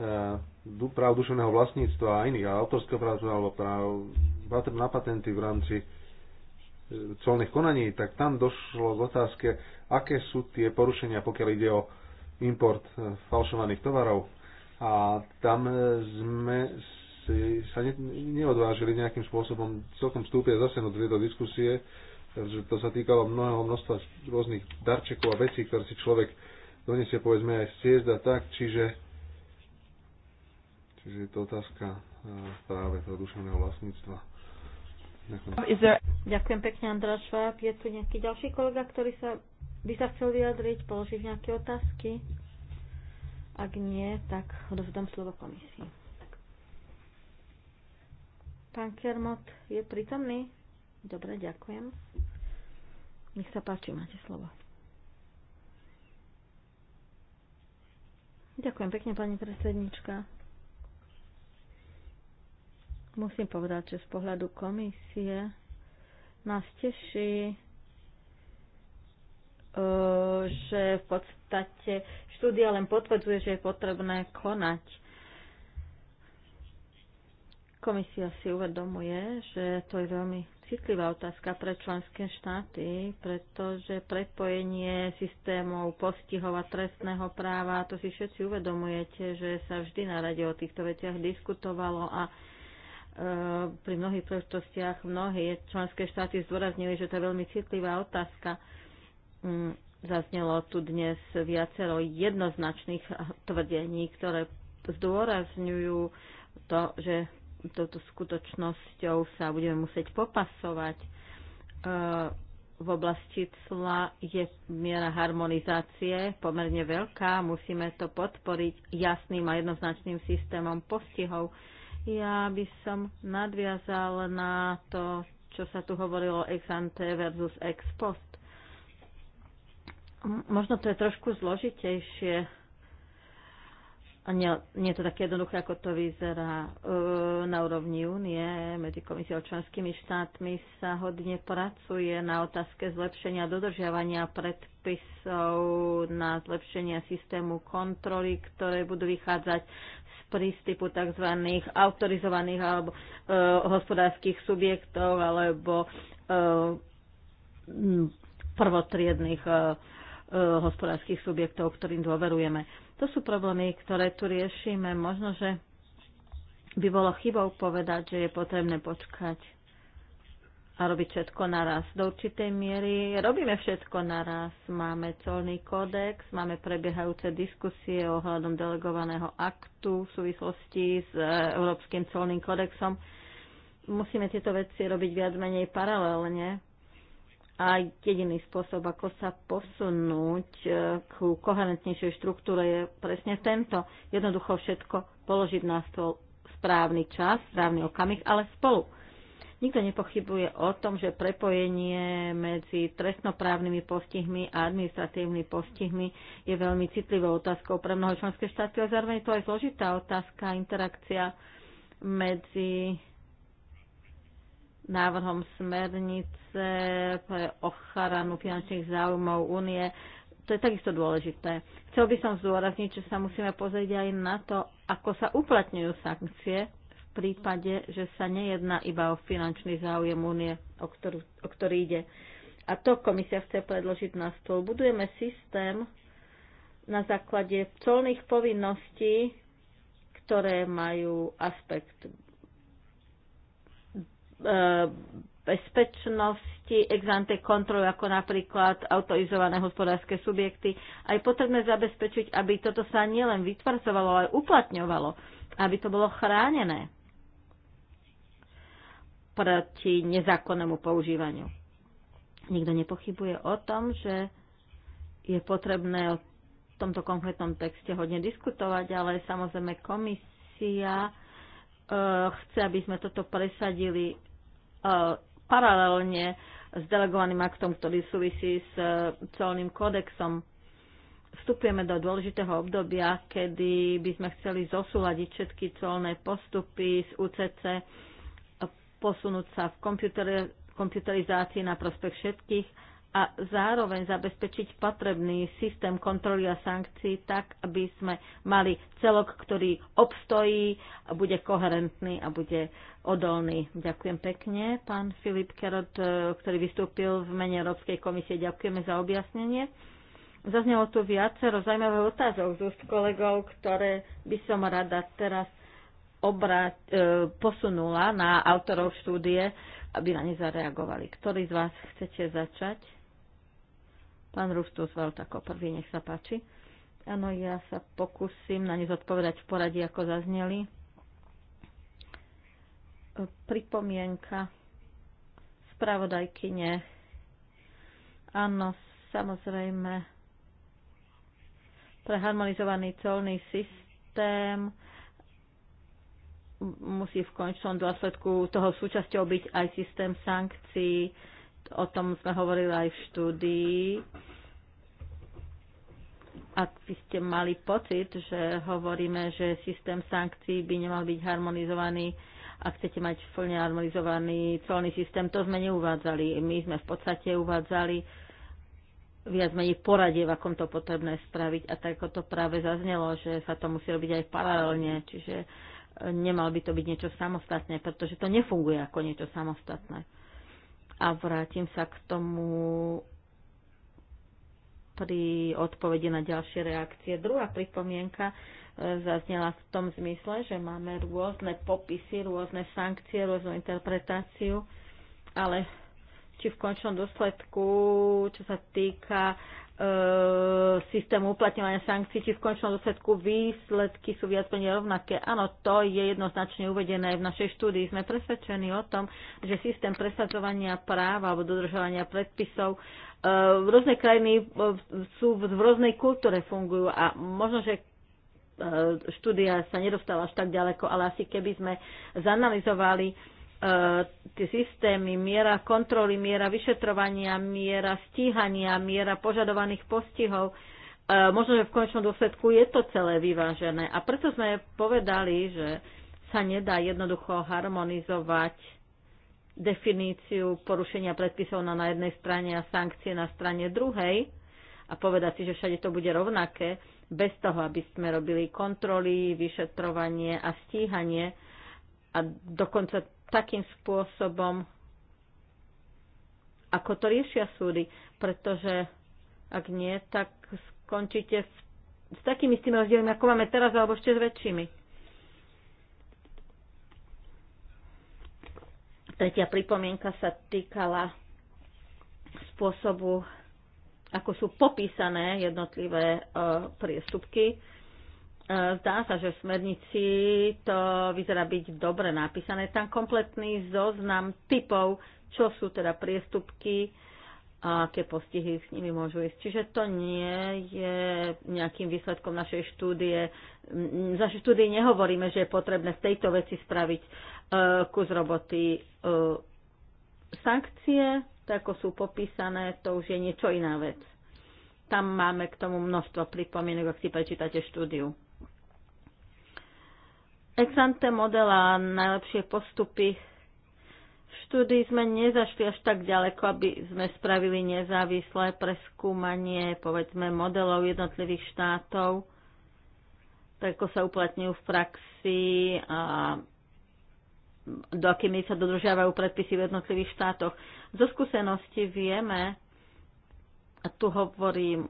e, práv duševného vlastníctva a iných, a autorského práva alebo práv na patenty v rámci e, colných konaní, tak tam došlo k otázke, aké sú tie porušenia, pokiaľ ide o import falšovaných tovarov. A tam sme si sa ne, neodvážili nejakým spôsobom celkom vstúpiť zase do tejto diskusie, pretože to sa týkalo mnohého množstva rôznych darčekov a vecí, ktoré si človek donesie povedzme aj z ciezda a tak, čiže čiže je to otázka eh, práve toho duševného vlastníctva. Ďakujem. pekne, Andrá Šváb. Je tu nejaký ďalší kolega, ktorý sa, by sa chcel vyjadriť, položiť nejaké otázky? Ak nie, tak rozdám slovo komisii. Pán Kermot je prítomný? Dobre, ďakujem. Nech sa páči, máte slovo. Ďakujem pekne, pani predsednička. Musím povedať, že z pohľadu komisie nás teší, e, že v podstate štúdia len potvrdzuje, že je potrebné konať Komisia si uvedomuje, že to je veľmi citlivá otázka pre členské štáty, pretože prepojenie systémov postihov a trestného práva, to si všetci uvedomujete, že sa vždy na rade o týchto veciach diskutovalo a e, pri mnohých príležitostiach mnohé členské štáty zdôraznili, že to je veľmi citlivá otázka. Mm, zaznelo tu dnes viacero jednoznačných tvrdení, ktoré zdôrazňujú to, že touto skutočnosťou sa budeme musieť popasovať. E, v oblasti cla je miera harmonizácie pomerne veľká, musíme to podporiť jasným a jednoznačným systémom postihov. Ja by som nadviazal na to, čo sa tu hovorilo ex ante versus ex post. Možno to je trošku zložitejšie a nie, nie je to také jednoduché, ako to vyzerá e, na úrovni únie. Medzi komisiou členskými štátmi sa hodne pracuje na otázke zlepšenia dodržiavania predpisov, na zlepšenia systému kontroly, ktoré budú vychádzať z prístupu tzv. autorizovaných alebo e, hospodárskych subjektov alebo e, prvotriedných e, e, hospodárskych subjektov, ktorým dôverujeme to sú problémy, ktoré tu riešime. Možno, že by bolo chybou povedať, že je potrebné počkať a robiť všetko naraz. Do určitej miery robíme všetko naraz. Máme colný kódex, máme prebiehajúce diskusie ohľadom delegovaného aktu v súvislosti s e, Európskym colným kódexom. Musíme tieto veci robiť viac menej paralelne a jediný spôsob, ako sa posunúť e, k koherentnejšej štruktúre je presne tento. Jednoducho všetko položiť na stôl správny čas, správny okamih, ale spolu. Nikto nepochybuje o tom, že prepojenie medzi trestnoprávnymi postihmi a administratívnymi postihmi je veľmi citlivou otázkou pre mnoho členské štáty a zároveň je to aj zložitá otázka, interakcia medzi návrhom smernic pre ochranu finančných záujmov únie. To je takisto dôležité. Chcel by som zdôrazniť, že sa musíme pozrieť aj na to, ako sa uplatňujú sankcie v prípade, že sa nejedná iba o finančný záujem únie, o, ktorú, o ktorý ide. A to komisia chce predložiť na stôl. Budujeme systém na základe colných povinností, ktoré majú aspekt e, bezpečnosti, ex ante kontroly, ako napríklad autorizované hospodárske subjekty. A je potrebné zabezpečiť, aby toto sa nielen vytvarcovalo, ale uplatňovalo, aby to bolo chránené proti nezákonnému používaniu. Nikto nepochybuje o tom, že je potrebné o tomto konkrétnom texte hodne diskutovať, ale samozrejme komisia e, chce, aby sme toto presadili e, paralelne s delegovaným aktom, ktorý súvisí s e, colným kodexom. Vstupujeme do dôležitého obdobia, kedy by sme chceli zosúľadiť všetky colné postupy z UCC, posunúť sa v komputerizácii na prospech všetkých a zároveň zabezpečiť potrebný systém kontroly a sankcií tak, aby sme mali celok, ktorý obstojí, bude koherentný a bude odolný. Ďakujem pekne, pán Filip Kerot, e, ktorý vystúpil v mene Európskej komisie. Ďakujeme za objasnenie. Zaznelo tu viacero zaujímavých otázok z úst kolegov, ktoré by som rada teraz obrať, e, posunula na autorov štúdie, aby na ne zareagovali. Ktorý z vás chcete začať? Pán Rustusvelt ako prvý, nech sa páči. Áno, ja sa pokúsim na ne zodpovedať v poradí, ako zazneli. Pripomienka spravodajkyne. Áno, samozrejme, pre harmonizovaný colný systém musí v končnom dôsledku toho súčasťou byť aj systém sankcií, O tom sme hovorili aj v štúdii. Ak by ste mali pocit, že hovoríme, že systém sankcií by nemal byť harmonizovaný, ak chcete mať plne harmonizovaný colný systém, to sme neuvádzali. My sme v podstate uvádzali viac menej poradie, v akom to potrebné spraviť. A tak to práve zaznelo, že sa to musí robiť aj paralelne, čiže nemal by to byť niečo samostatné, pretože to nefunguje ako niečo samostatné. A vrátim sa k tomu pri odpovede na ďalšie reakcie. Druhá pripomienka e, zaznela v tom zmysle, že máme rôzne popisy, rôzne sankcie, rôznu interpretáciu, ale či v končnom dôsledku, čo sa týka E, systému uplatňovania sankcií, či v končnom dôsledku výsledky sú viac menej rovnaké. Áno, to je jednoznačne uvedené v našej štúdii. Sme presvedčení o tom, že systém presadzovania práva alebo dodržovania predpisov v e, rôzne krajiny e, sú v rôznej kultúre fungujú a možno, že štúdia sa nedostala až tak ďaleko, ale asi keby sme zanalizovali E, tie systémy, miera kontroly, miera vyšetrovania, miera stíhania, miera požadovaných postihov. E, možno, že v konečnom dôsledku je to celé vyvážené. A preto sme povedali, že sa nedá jednoducho harmonizovať definíciu porušenia predpisov na, na jednej strane a sankcie na strane druhej a povedať si, že všade to bude rovnaké, bez toho, aby sme robili kontroly, vyšetrovanie a stíhanie a dokonca takým spôsobom, ako to riešia súdy, pretože ak nie, tak skončíte s, s takými istými rozdielmi, ako máme teraz, alebo ešte s väčšími. Tretia pripomienka sa týkala spôsobu, ako sú popísané jednotlivé e, priestupky E, zdá sa, že v smernici to vyzerá byť dobre napísané. Tam kompletný zoznam typov, čo sú teda priestupky a aké postihy s nimi môžu ísť. Čiže to nie je nejakým výsledkom našej štúdie. Z mm, našej štúdie nehovoríme, že je potrebné v tejto veci spraviť e, kus roboty. E, sankcie, tak ako sú popísané, to už je niečo iná vec. Tam máme k tomu množstvo pripomienok, ak si prečítate štúdiu. Exante modela najlepšie postupy v štúdii sme nezašli až tak ďaleko, aby sme spravili nezávislé preskúmanie, povedzme, modelov jednotlivých štátov, tak ako sa uplatňujú v praxi a do akými sa dodržiavajú predpisy v jednotlivých štátoch. Zo skúsenosti vieme, a tu hovorím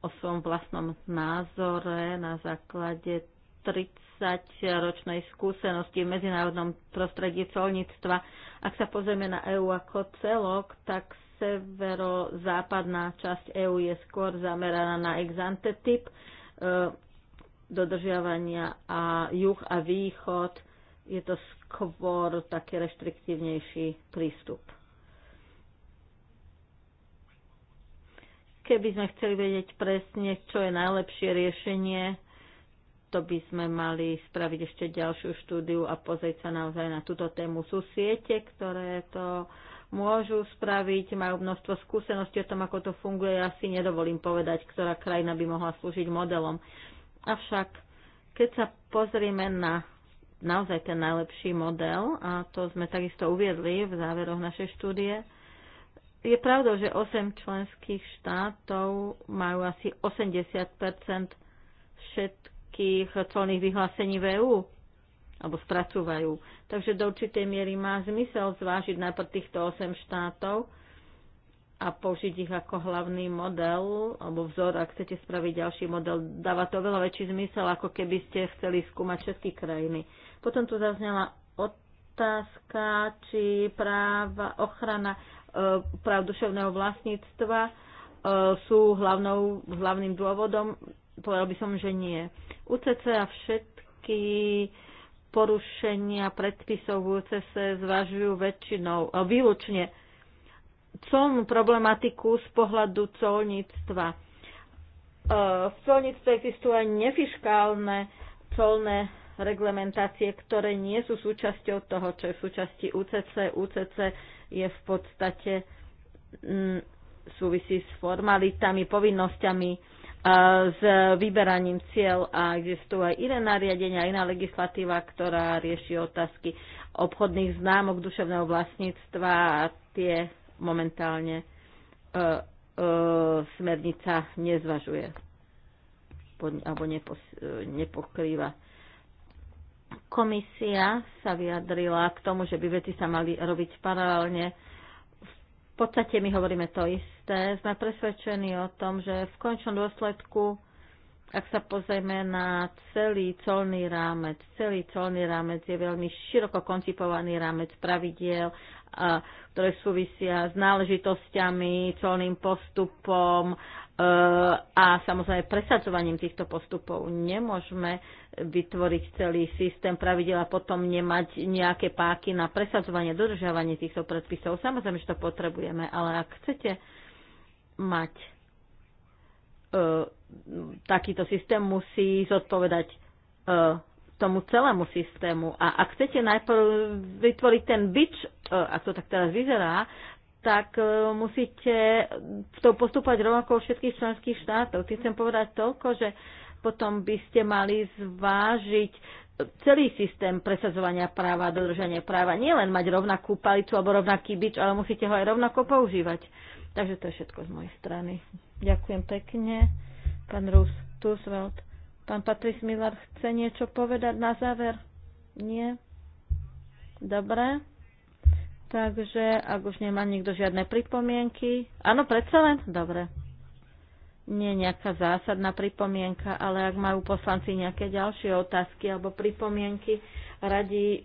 o svojom vlastnom názore na základe 30-ročnej skúsenosti v medzinárodnom prostredí colníctva. Ak sa pozrieme na EÚ ako celok, tak severozápadná časť EÚ je skôr zameraná na exante typ e, dodržiavania a juh a východ je to skôr taký reštriktívnejší prístup. Keby sme chceli vedieť presne, čo je najlepšie riešenie, to by sme mali spraviť ešte ďalšiu štúdiu a pozrieť sa naozaj na túto tému. Sú siete, ktoré to môžu spraviť, majú množstvo skúseností o tom, ako to funguje. Ja si nedovolím povedať, ktorá krajina by mohla slúžiť modelom. Avšak, keď sa pozrieme na naozaj ten najlepší model, a to sme takisto uviedli v záveroch našej štúdie, je pravdou, že 8 členských štátov majú asi 80 všetkých všetkých colných vyhlásení v e alebo spracúvajú. Takže do určitej miery má zmysel zvážiť najprv týchto 8 štátov a použiť ich ako hlavný model alebo vzor, ak chcete spraviť ďalší model. Dáva to veľa väčší zmysel, ako keby ste chceli skúmať všetky krajiny. Potom tu zaznela otázka, či práva, ochrana e, práv duševného vlastníctva e, sú hlavnou, hlavným dôvodom povedal by som, že nie. UCC a všetky porušenia predpisov v UCC zvažujú väčšinou, eh, výlučne colnú problematiku z pohľadu colníctva. Eh, v colníctve existujú aj nefiškálne colné reglementácie, ktoré nie sú súčasťou toho, čo je v súčasti UCC. UCC je v podstate mm, súvisí s formalitami, povinnosťami s vyberaním cieľ a existujú aj iné nariadenia, iná legislatíva, ktorá rieši otázky obchodných známok duševného vlastníctva a tie momentálne e, e, smernica nezvažuje alebo nepos, e, nepokrýva. Komisia sa vyjadrila k tomu, že by veci sa mali robiť paralelne v podstate my hovoríme to isté. Sme presvedčení o tom, že v končnom dôsledku, ak sa pozrieme na celý colný rámec, celý colný rámec je veľmi široko koncipovaný rámec pravidiel, ktoré súvisia s náležitosťami, colným postupom, a samozrejme presadzovaním týchto postupov. Nemôžeme vytvoriť celý systém pravidel a potom nemať nejaké páky na presadzovanie, dodržiavanie týchto predpisov. Samozrejme, že to potrebujeme, ale ak chcete mať e, takýto systém, musí zodpovedať e, tomu celému systému. A ak chcete najprv vytvoriť ten bič, e, ako to tak teraz vyzerá, tak e, musíte v tom postupovať rovnako všetkých členských štátov. Ty chcem povedať toľko, že potom by ste mali zvážiť celý systém presadzovania práva a dodržania práva. Nie len mať rovnakú palicu alebo rovnaký bič, ale musíte ho aj rovnako používať. Takže to je všetko z mojej strany. Ďakujem pekne. Pán Rus Tusveld. Pán Patrice Miller chce niečo povedať na záver? Nie? Dobre. Takže, ak už nemá nikto žiadne pripomienky... Áno, predsa len? Dobre. Nie nejaká zásadná pripomienka, ale ak majú poslanci nejaké ďalšie otázky alebo pripomienky, radi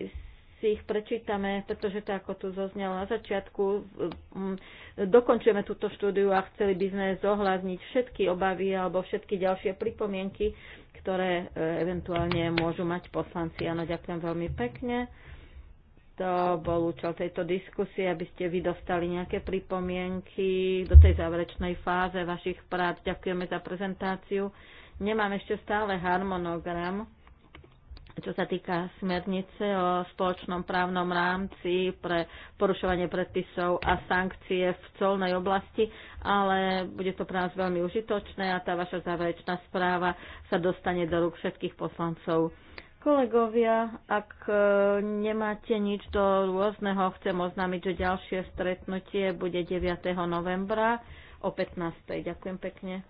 si ich prečítame, pretože to, ako tu zoznelo na začiatku, mm, dokončujeme túto štúdiu a chceli by sme zohľadniť všetky obavy alebo všetky ďalšie pripomienky, ktoré e, eventuálne môžu mať poslanci. Áno, ďakujem veľmi pekne to bol účel tejto diskusie, aby ste vy dostali nejaké pripomienky do tej záverečnej fáze vašich prác. Ďakujeme za prezentáciu. Nemám ešte stále harmonogram, čo sa týka smernice o spoločnom právnom rámci pre porušovanie predpisov a sankcie v colnej oblasti, ale bude to pre nás veľmi užitočné a tá vaša záverečná správa sa dostane do rúk všetkých poslancov Kolegovia, ak e, nemáte nič do rôzneho, chcem oznámiť, že ďalšie stretnutie bude 9. novembra o 15. Ďakujem pekne.